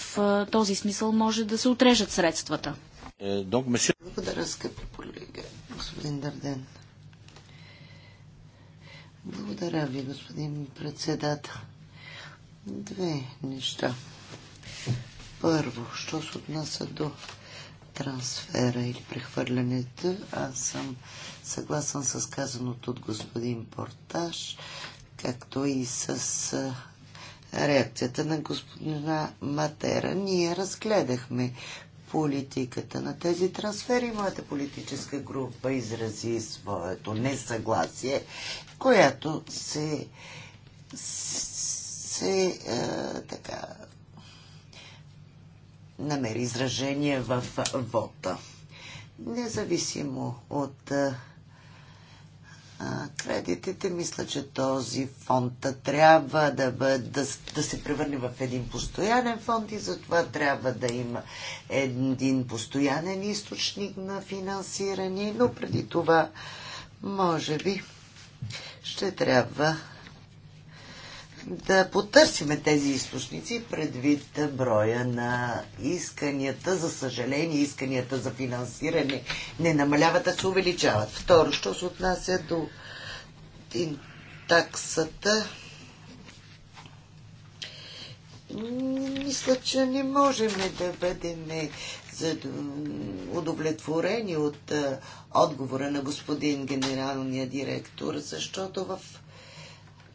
този смисъл може да се отрежат средствата. Е, Благодаря, скъпи колега, господин Дарден. Благодаря ви, господин председател. Две неща. Първо, що се отнася до трансфера или прехвърлянето, аз съм съгласен с казаното от господин Порташ, както и с реакцията на господина Матера. Ние разгледахме политиката на тези трансфери. Моята политическа група изрази своето несъгласие, която се, се е, така, намери изражение в вода. Независимо от кредитите, мисля, че този фонд трябва да, бъде, да, да се превърне в един постоянен фонд и затова трябва да има един постоянен източник на финансиране, но преди това, може би, ще трябва да потърсиме тези източници предвид броя на исканията. За съжаление, исканията за финансиране не намаляват, а се увеличават. Второ, що се отнася до таксата, мисля, че не можем да бъдем удовлетворени от отговора на господин генералния директор, защото в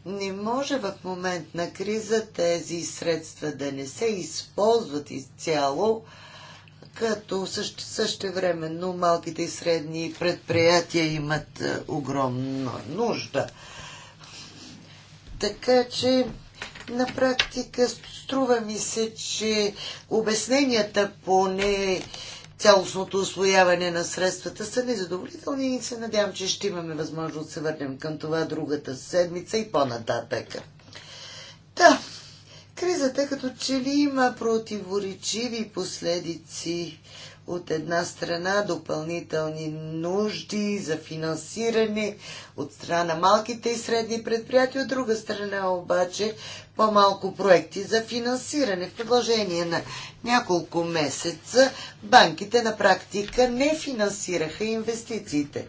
не може в момент на криза тези средства да не се използват изцяло, като също, времено малките и средни предприятия имат е, огромна нужда. Така че на практика струва ми се, че обясненията поне. не цялостното освояване на средствата са незадоволителни и се надявам, че ще имаме възможност да се върнем към това другата седмица и по-нататък. Да, кризата като че ли има противоречиви последици от една страна допълнителни нужди за финансиране от страна на малките и средни предприятия, от друга страна обаче по-малко проекти за финансиране. В продължение на няколко месеца банките на практика не финансираха инвестициите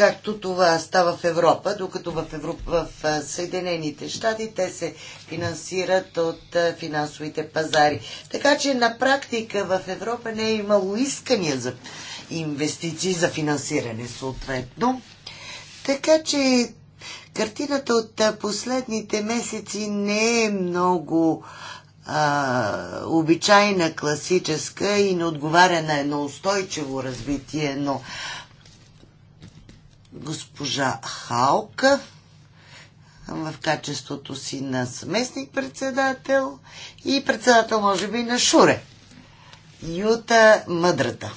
както това става в Европа, докато в, Европа, в Съединените щати те се финансират от финансовите пазари. Така че на практика в Европа не е имало искания за инвестиции, за финансиране съответно. Така че картината от последните месеци не е много а, обичайна, класическа и не отговаря на едно устойчиво развитие, но госпожа Халка в качеството си на съместник-председател и председател, може би, на Шуре. Юта Мъдрата.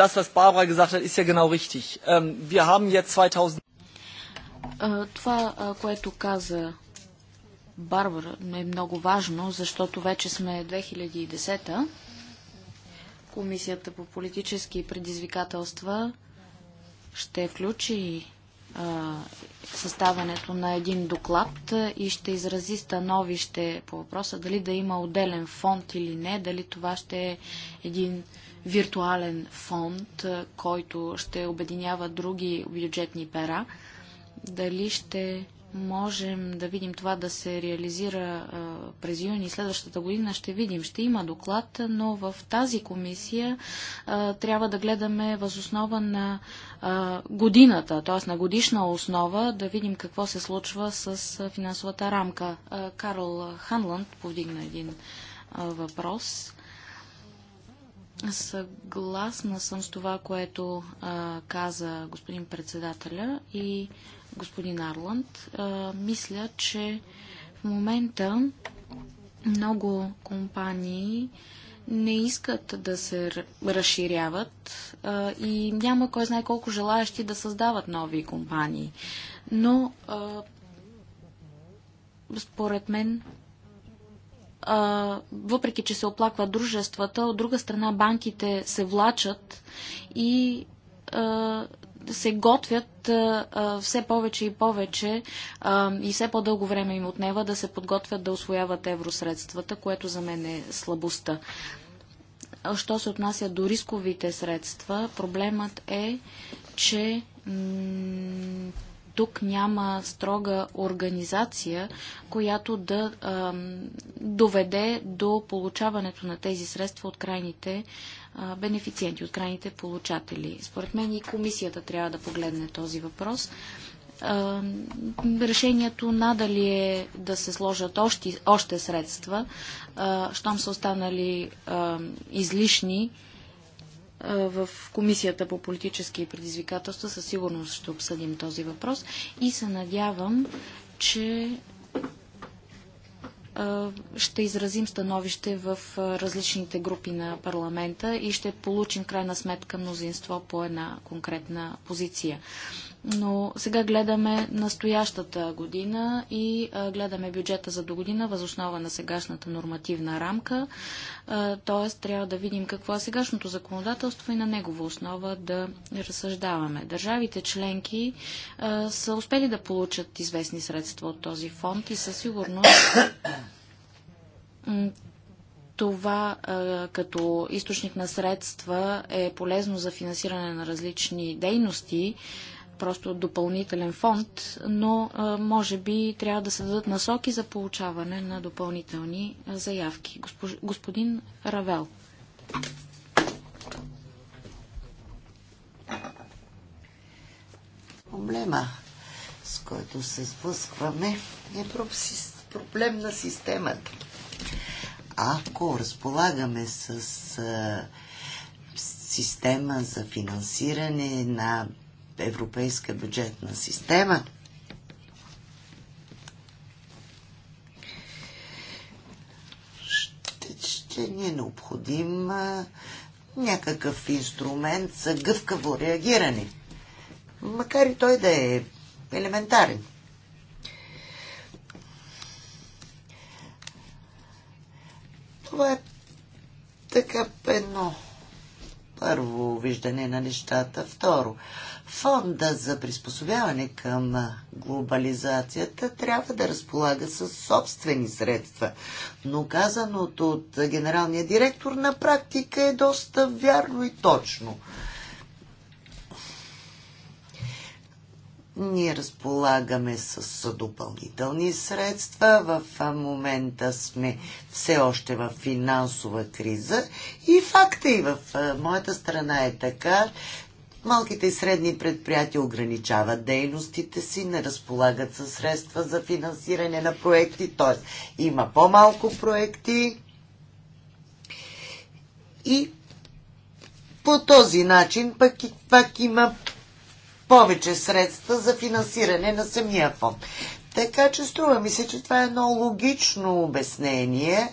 Das, was Barbara gesagt hat, ist ja genau richtig. Wir haben jetzt 2000... Това, което каза Барбара, е много важно, защото вече сме 2010-та Комисията по политически предизвикателства ще включи съставането на един доклад и ще изрази становище по въпроса дали да има отделен фонд или не, дали това ще е един виртуален фонд, който ще обединява други бюджетни пера, дали ще можем да видим това да се реализира през юни следващата година, ще видим. Ще има доклад, но в тази комисия трябва да гледаме възоснова на годината, т.е. на годишна основа, да видим какво се случва с финансовата рамка. Карл Ханланд повдигна един въпрос. Съгласна съм с това, което каза господин председателя и господин Арланд. А, мисля, че в момента много компании не искат да се разширяват а, и няма кой знае колко желаящи да създават нови компании. Но а, според мен, а, въпреки че се оплакват дружествата, от друга страна банките се влачат и а, се готвят а, все повече и повече а, и все по-дълго време им отнева да се подготвят да освояват евросредствата, което за мен е слабостта. Що се отнася до рисковите средства, проблемът е, че тук няма строга организация, която да а, доведе до получаването на тези средства от крайните бенефициенти, от крайните получатели. Според мен и комисията трябва да погледне този въпрос. Решението надали е да се сложат още, още средства, щом са останали излишни в Комисията по политически предизвикателства със сигурност ще обсъдим този въпрос и се надявам, че ще изразим становище в различните групи на парламента и ще получим крайна сметка мнозинство по една конкретна позиция но сега гледаме настоящата година и а, гледаме бюджета за до година възоснова на сегашната нормативна рамка. Т.е. трябва да видим какво е сегашното законодателство и на негова основа да разсъждаваме. Държавите членки а, са успели да получат известни средства от този фонд и със сигурност това а, като източник на средства е полезно за финансиране на различни дейности, просто допълнителен фонд, но може би трябва да се дадат насоки за получаване на допълнителни заявки. Госпож... Господин Равел. Проблема, с който се сблъскваме, е проблем на системата. Ако разполагаме с система за финансиране на европейска бюджетна система. Ще, ще ни е необходим а, някакъв инструмент за гъвкаво реагиране. Макар и той да е елементарен. Това е така едно първо виждане на нещата. Второ, Фонда за приспособяване към глобализацията трябва да разполага с собствени средства, но казаното от генералния директор на практика е доста вярно и точно. Ние разполагаме с допълнителни средства. В момента сме все още в финансова криза. И факта и в моята страна е така, Малките и средни предприятия ограничават дейностите си, не разполагат със средства за финансиране на проекти, т.е. има по-малко проекти и по този начин пък, пак има повече средства за финансиране на самия фонд. Така че струва ми се, че това е едно логично обяснение,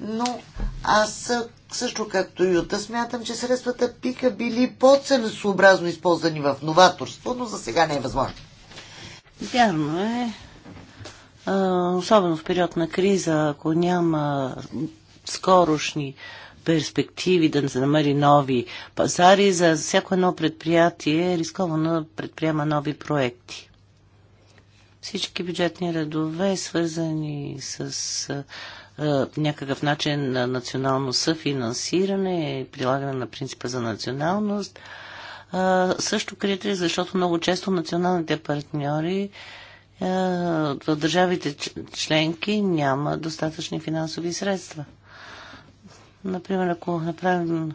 но аз също както и от смятам, че средствата биха били по-целесообразно използвани в новаторство, но за сега не е възможно. Вярно е. Особено в период на криза, ако няма скорошни перспективи да се намери нови пазари, за всяко едно предприятие е рисковано да предприема нови проекти всички бюджетни редове, свързани с някакъв начин на национално съфинансиране, прилагане на принципа за националност, също критерии, защото много често националните партньори в държавите членки няма достатъчни финансови средства. Например, ако направим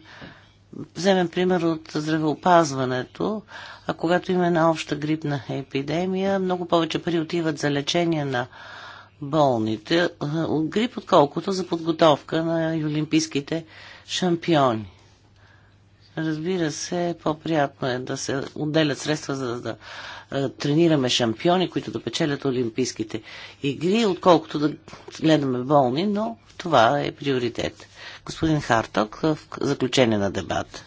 вземем пример от здравеопазването, а когато има една обща грипна епидемия, много повече пари отиват за лечение на болните от грип, отколкото за подготовка на олимпийските шампиони. Разбира се, по-приятно е да се отделят средства, за да тренираме шампиони, които да печелят Олимпийските игри, отколкото да гледаме болни, но това е приоритет. Господин Харток, в заключение на дебата.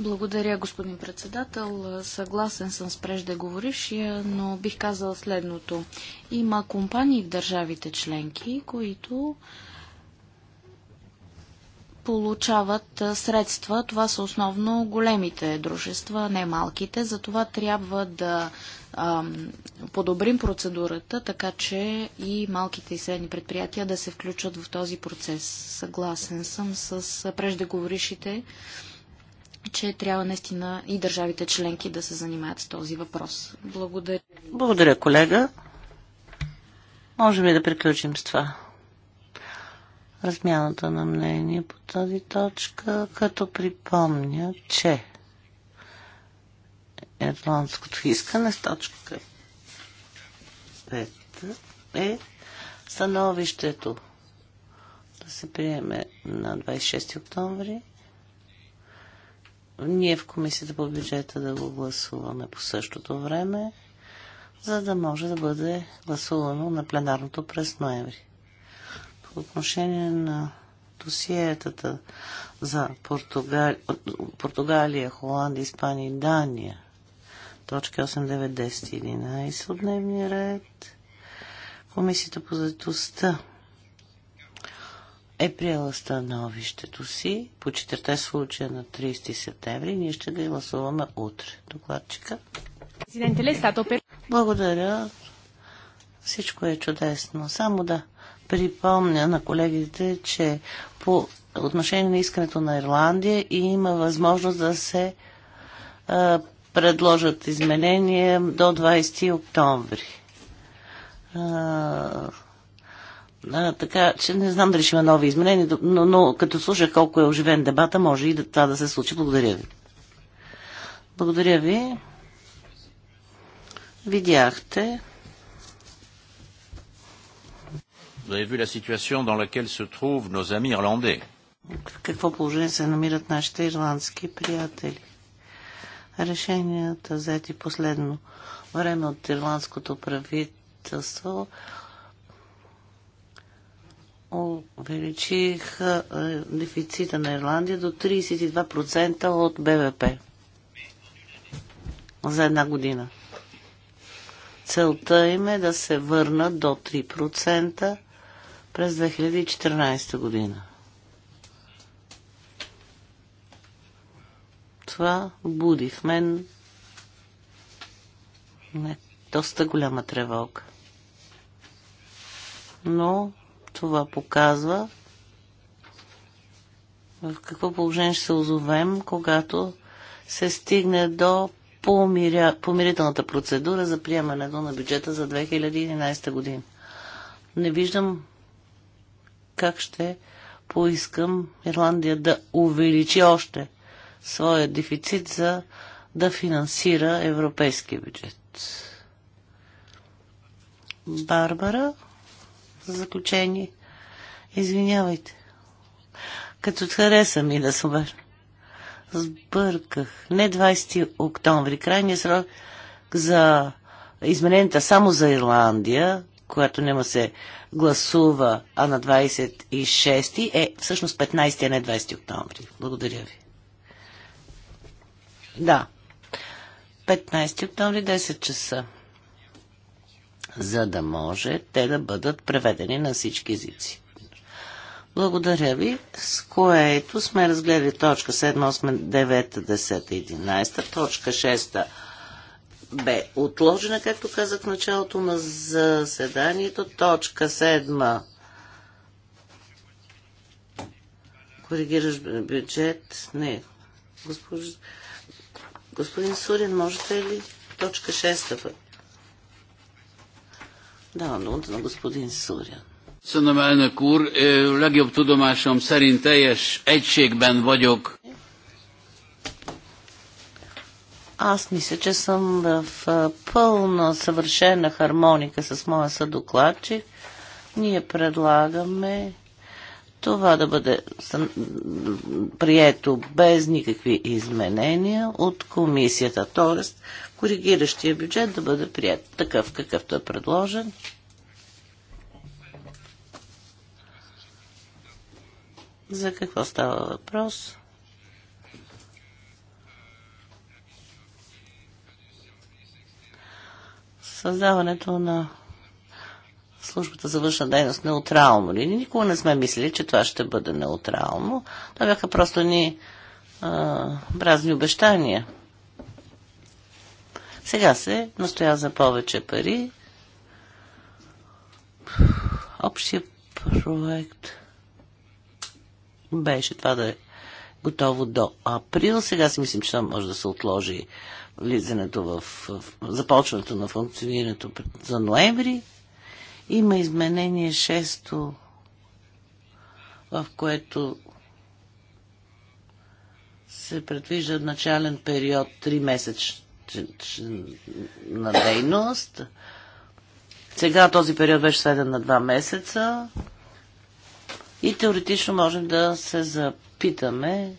Благодаря, господин председател. Съгласен съм с преждеговорившия, но бих казал следното. Има компании в държавите членки, които получават средства. Това са основно големите дружества, не малките. Затова трябва да ам, подобрим процедурата, така че и малките и средни предприятия да се включат в този процес. Съгласен съм с преждеговорившите че трябва наистина и държавите членки да се занимават с този въпрос. Благодаря. Благодаря, колега. Можем ли да приключим с това? Размяната на мнение по тази точка, като припомня, че ирландското искане с точка 5 е становището да се приеме на 26 октомври ние в комисията по бюджета да го гласуваме по същото време, за да може да бъде гласувано на пленарното през ноември. По отношение на досиетата за Португали... Португалия, Холандия, Испания и Дания, точки 8, 9, 10 11 от дневния ред, комисията по заедостта е приела становището си по четирте случая на 30 септември. Ние ще ги гласуваме утре. Докладчика. Е Благодаря. Всичко е чудесно. Само да припомня на колегите, че по отношение на искането на Ирландия има възможност да се а, предложат изменения до 20 октомври. А, а, така че не знам дали ще има нови изменения, но, но като слушах колко е оживен дебата, може и да, това да се случи. Благодаря ви. Благодаря ви. Видяхте. Vous avez vu la situation dans laquelle se trouvent nos amis irlandais. В какво положение се намират нашите ирландски приятели? Решенията взети последно време от ирландското правителство увеличиха дефицита на Ирландия до 32% от БВП за една година. Целта им е да се върнат до 3% през 2014 година. Това буди в мен не, доста голяма тревога. Но това показва в какво положение ще се озовем, когато се стигне до помиря... помирителната процедура за приемането на бюджета за 2011 година. Не виждам как ще поискам Ирландия да увеличи още своя дефицит за да финансира европейския бюджет. Барбара, за заключение. Извинявайте. Като хареса ми да съм. Сбърках. Не 20 октомври. Крайният срок за измененията само за Ирландия, която няма се гласува, а на 26 е всъщност 15, а не 20 октомври. Благодаря ви. Да. 15 октомври, 10 часа за да може те да бъдат преведени на всички езици. Благодаря ви, с което сме разгледали точка 7, 8, 9, 10, 11. Точка 6 бе отложена, както казах в началото на заседанието. Точка 7 коригираш бюджет. Не. Госпож... Господин Сурин, можете ли точка 6 Давам думата на господин Сурян. Köszönöm, elnök úr. Legjobb tudomásom szerint teljes egységben vagyok. Аз мисля, че съм в пълна съвършена хармоника с моя съдокладчик. Ние предлагаме това да бъде прието без никакви изменения от комисията, т.е. коригиращия бюджет да бъде прият такъв какъвто е предложен. За какво става въпрос? Създаването на службата за външна дейност неутрално ли? Никога не сме мислили, че това ще бъде неутрално. Това бяха просто ни а, празни обещания. Сега се настоя за повече пари. Общия проект беше това да е готово до април. Сега си мислим, че това може да се отложи влизането в, в започването на функционирането за ноември. Има изменение шесто, в което се предвижда начален период 3 на дейност. Сега този период беше сведен на 2 месеца и теоретично можем да се запитаме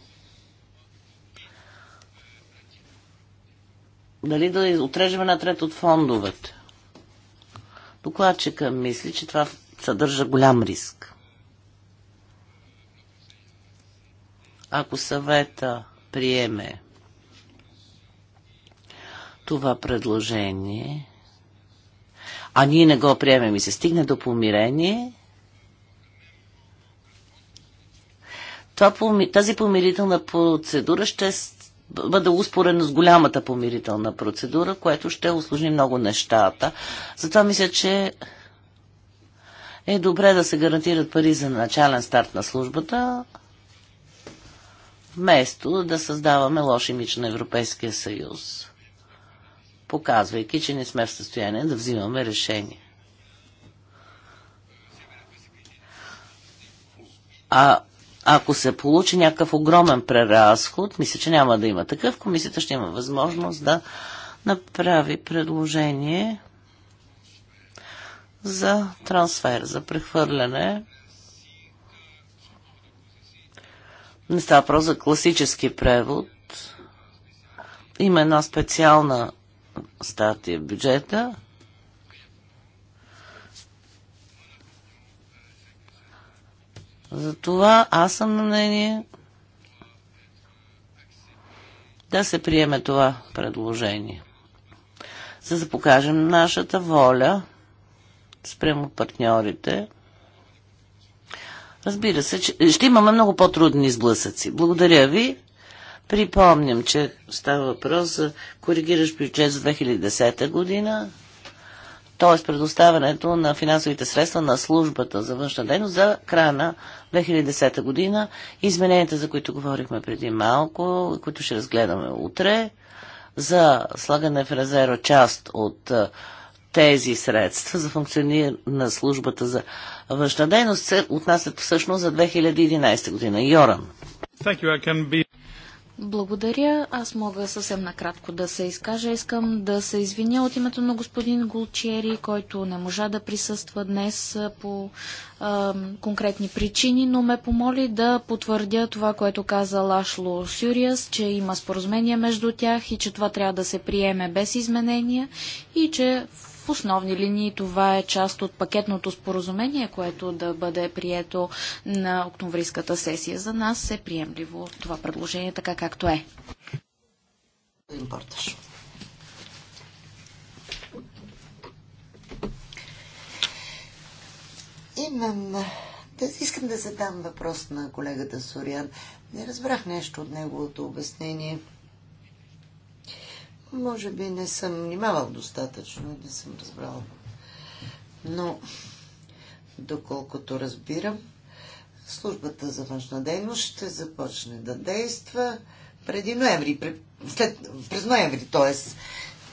дали да отрежем една трета от фондовете. Докладчика мисли, че това съдържа голям риск. Ако съвета приеме това предложение, а ние не го приемем и се стигне до помирение, тази помирителна процедура ще бъде успорено с голямата помирителна процедура, което ще осложни много нещата. Затова мисля, че е добре да се гарантират пари за начален старт на службата, вместо да създаваме лош имидж на Европейския съюз, показвайки, че не сме в състояние да взимаме решение. А ако се получи някакъв огромен преразход, мисля, че няма да има такъв, комисията ще има възможност да направи предложение за трансфер, за прехвърляне. Не става въпрос за класически превод. Има една специална статия в бюджета, Затова аз съм на мнение да се приеме това предложение, за да покажем нашата воля спрямо партньорите. Разбира се, че ще имаме много по-трудни сблъсъци. Благодаря ви. Припомням, че става въпрос за коригираш бюджет за 2010 година т.е. предоставянето на финансовите средства на службата за външна дейност за края на 2010 година. Измененията, за които говорихме преди малко, които ще разгледаме утре, за слагане в резерва част от тези средства за функциониране на службата за външна дейност се отнасят всъщност за 2011 година. Йоран. Be... Благодаря. Аз мога съвсем накратко да се изкажа. Искам да се извиня от името на господин Голчери, който не можа да присъства днес по а, конкретни причини, но ме помоли да потвърдя това, което каза Лашло Сюриас, че има споразумение между тях и че това трябва да се приеме без изменения и че в в основни линии това е част от пакетното споразумение, което да бъде прието на октомврийската сесия. За нас е приемливо това предложение така както е. Импорташ. Имам... Да, искам да задам въпрос на колегата Сориан. Не разбрах нещо от неговото обяснение. Може би не съм внимавал достатъчно и не съм разбрал. Но, доколкото разбирам, службата за външна дейност ще започне да действа преди ноември, след, през ноември, т.е.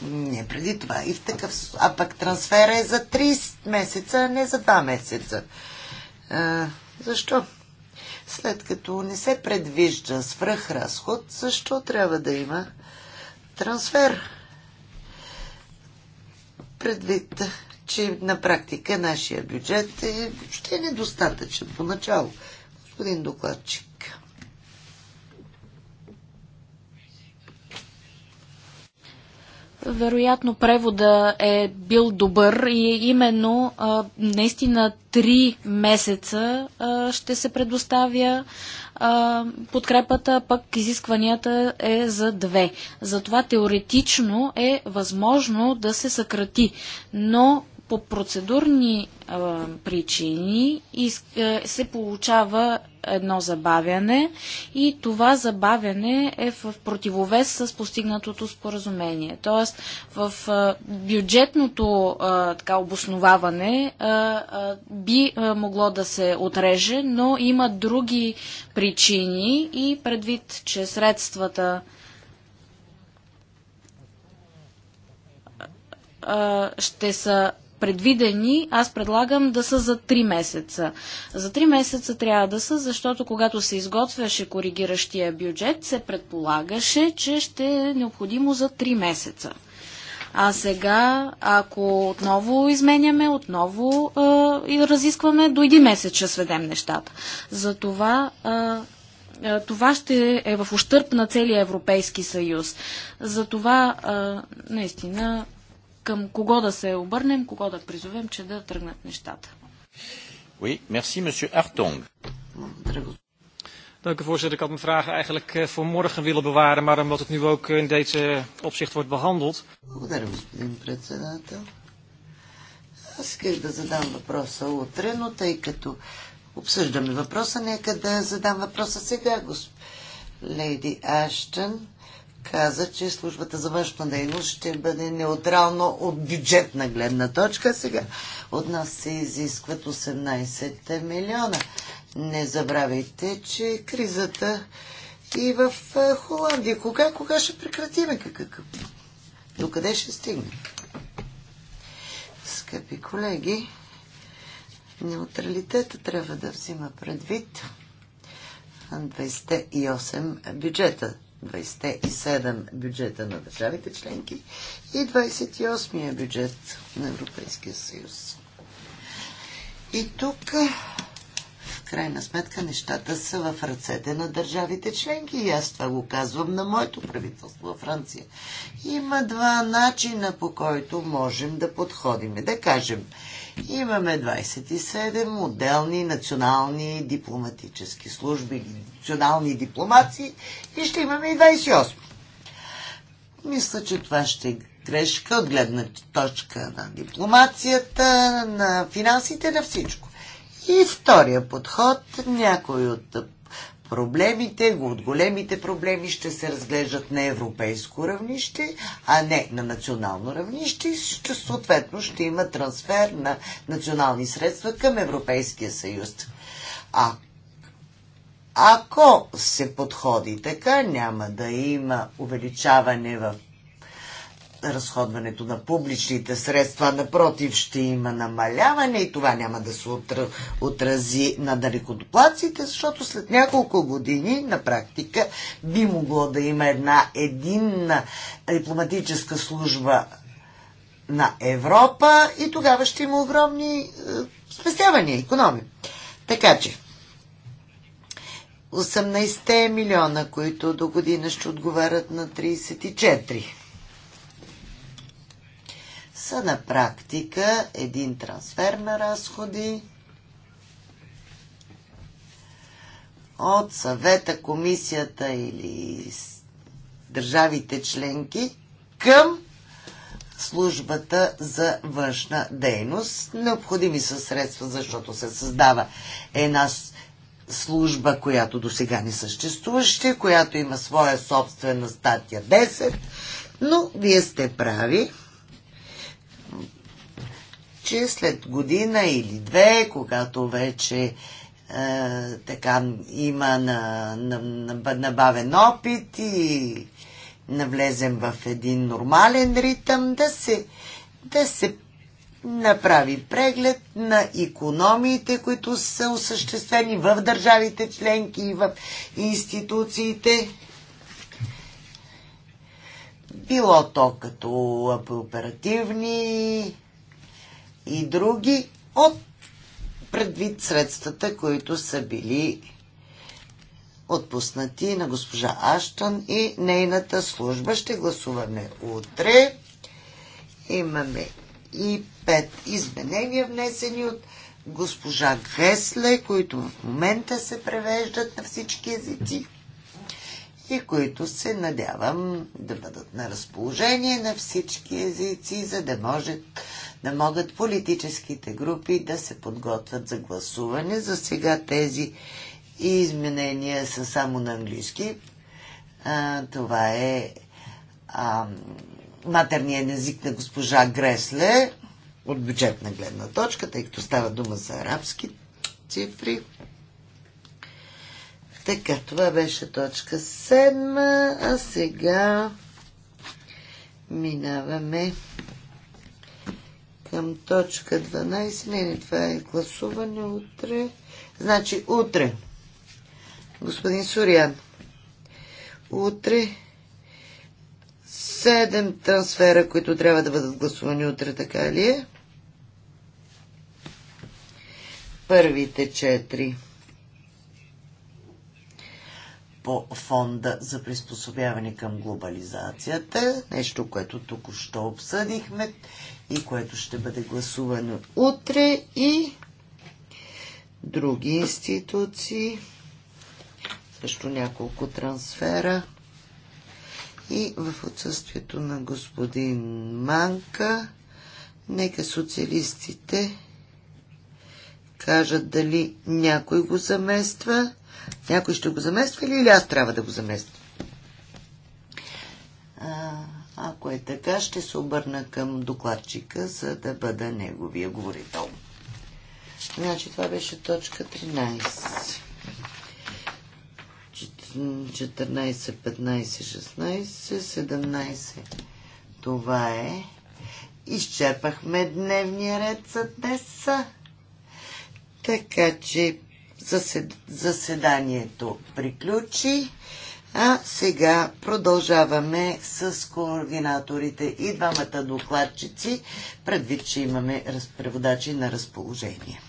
не преди това. И в такъв, а пък трансфера е за 30 месеца, а не за 2 месеца. А, защо? След като не се предвижда свръхразход, защо трябва да има трансфер. Предвид, че на практика нашия бюджет е въобще недостатъчен поначало. Господин докладчик. Вероятно превода е бил добър и именно а, наистина три месеца а, ще се предоставя а, подкрепата, пък изискванията е за две. Затова теоретично е възможно да се съкрати, но по процедурни а, причини се получава едно забавяне и това забавяне е в противовес с постигнатото споразумение. Тоест в а, бюджетното а, така, обосноваване а, а, би а, могло да се отреже, но има други причини и предвид, че средствата ще са предвидени, аз предлагам да са за 3 месеца. За 3 месеца трябва да са, защото когато се изготвяше коригиращия бюджет, се предполагаше, че ще е необходимо за 3 месеца. А сега, ако отново изменяме, отново а, и разискваме, до един месец ще сведем нещата. Затова а, а, това ще е в ущърп на целия Европейски съюз. Затова а, наистина към кого да се обърнем, кого да призовем, че да тръгнат нещата. Oui, merci, monsieur Artong. Dank u voorzitter. Ik had mijn vragen eigenlijk eh, voor morgen willen bewaren, maar omdat het nu ook eh, in deze opzicht wordt behandeld. Благодаря, господин председател. Аз исках да задам въпроса утре, но тъй като обсъждаме въпроса, нека да задам въпроса сега, госп... леди Аштън каза, че службата за външна дейност ще бъде неутрално от бюджетна гледна точка. Сега от нас се изискват 18 милиона. Не забравяйте, че кризата и в е, Холандия. Кога, кога ще прекратиме? Какъв? До къде ще стигне? Скъпи колеги, неутралитета трябва да взима предвид 28 бюджета 27 бюджета на държавите членки и 28-я бюджет на Европейския съюз. И тук, в крайна сметка, нещата са в ръцете на държавите членки и аз това го казвам на моето правителство във Франция. Има два начина по който можем да подходим. Да кажем, Имаме 27 отделни национални дипломатически служби, национални дипломации и ще имаме и 28. Мисля, че това ще е грешка от гледна точка на дипломацията, на финансите, на всичко. И втория подход, някой от Проблемите, от големите проблеми ще се разглеждат на европейско равнище, а не на национално равнище и ще, съответно ще има трансфер на национални средства към Европейския съюз. А ако се подходи така, няма да има увеличаване в разходването на публичните средства, напротив ще има намаляване и това няма да се отрази на далекодоплаците, защото след няколко години на практика би могло да има една единна дипломатическа служба на Европа и тогава ще има огромни е, спестявания, економи. Така че, 18 милиона, които до година ще отговарят на 34 са на практика един трансфер на разходи от съвета, комисията или държавите членки към службата за външна дейност. Необходими са средства, защото се създава една служба, която до сега не съществуваща, която има своя собствена статия 10, но вие сте прави че след година или две, когато вече е, така има на, на, на, набавен опит и навлезем в един нормален ритъм, да се, да се направи преглед на економиите, които са осъществени в държавите членки и в институциите. Било то като оперативни и други от предвид средствата, които са били отпуснати на госпожа Аштон и нейната служба. Ще гласуваме утре. Имаме и пет изменения внесени от госпожа Гесле, които в момента се превеждат на всички езици и които се надявам да бъдат на разположение на всички езици, за да може да могат политическите групи да се подготвят за гласуване. За сега тези изменения са само на английски. А, това е а, матерният език на госпожа Гресле от бюджетна гледна точка, тъй като става дума за арабски цифри. Така, това беше точка 7, а сега минаваме към точка 12. Не, не, това е гласуване утре. Значи утре. Господин Сурян. Утре седем трансфера, които трябва да бъдат гласувани утре, така ли е? Първите четири по фонда за приспособяване към глобализацията, нещо, което тук още обсъдихме и което ще бъде гласувано утре и други институции, също няколко трансфера и в отсъствието на господин Манка, нека социалистите кажат дали някой го замества, някой ще го замества или аз трябва да го замества. Ако е така, ще се обърна към докладчика, за да бъда неговия говорител. Значи това беше точка 13. 14, 15, 16, 17. Това е. Изчерпахме дневния ред за днес. Така че засед... заседанието приключи. А сега продължаваме с координаторите и двамата докладчици, предвид, че имаме преводачи на разположение.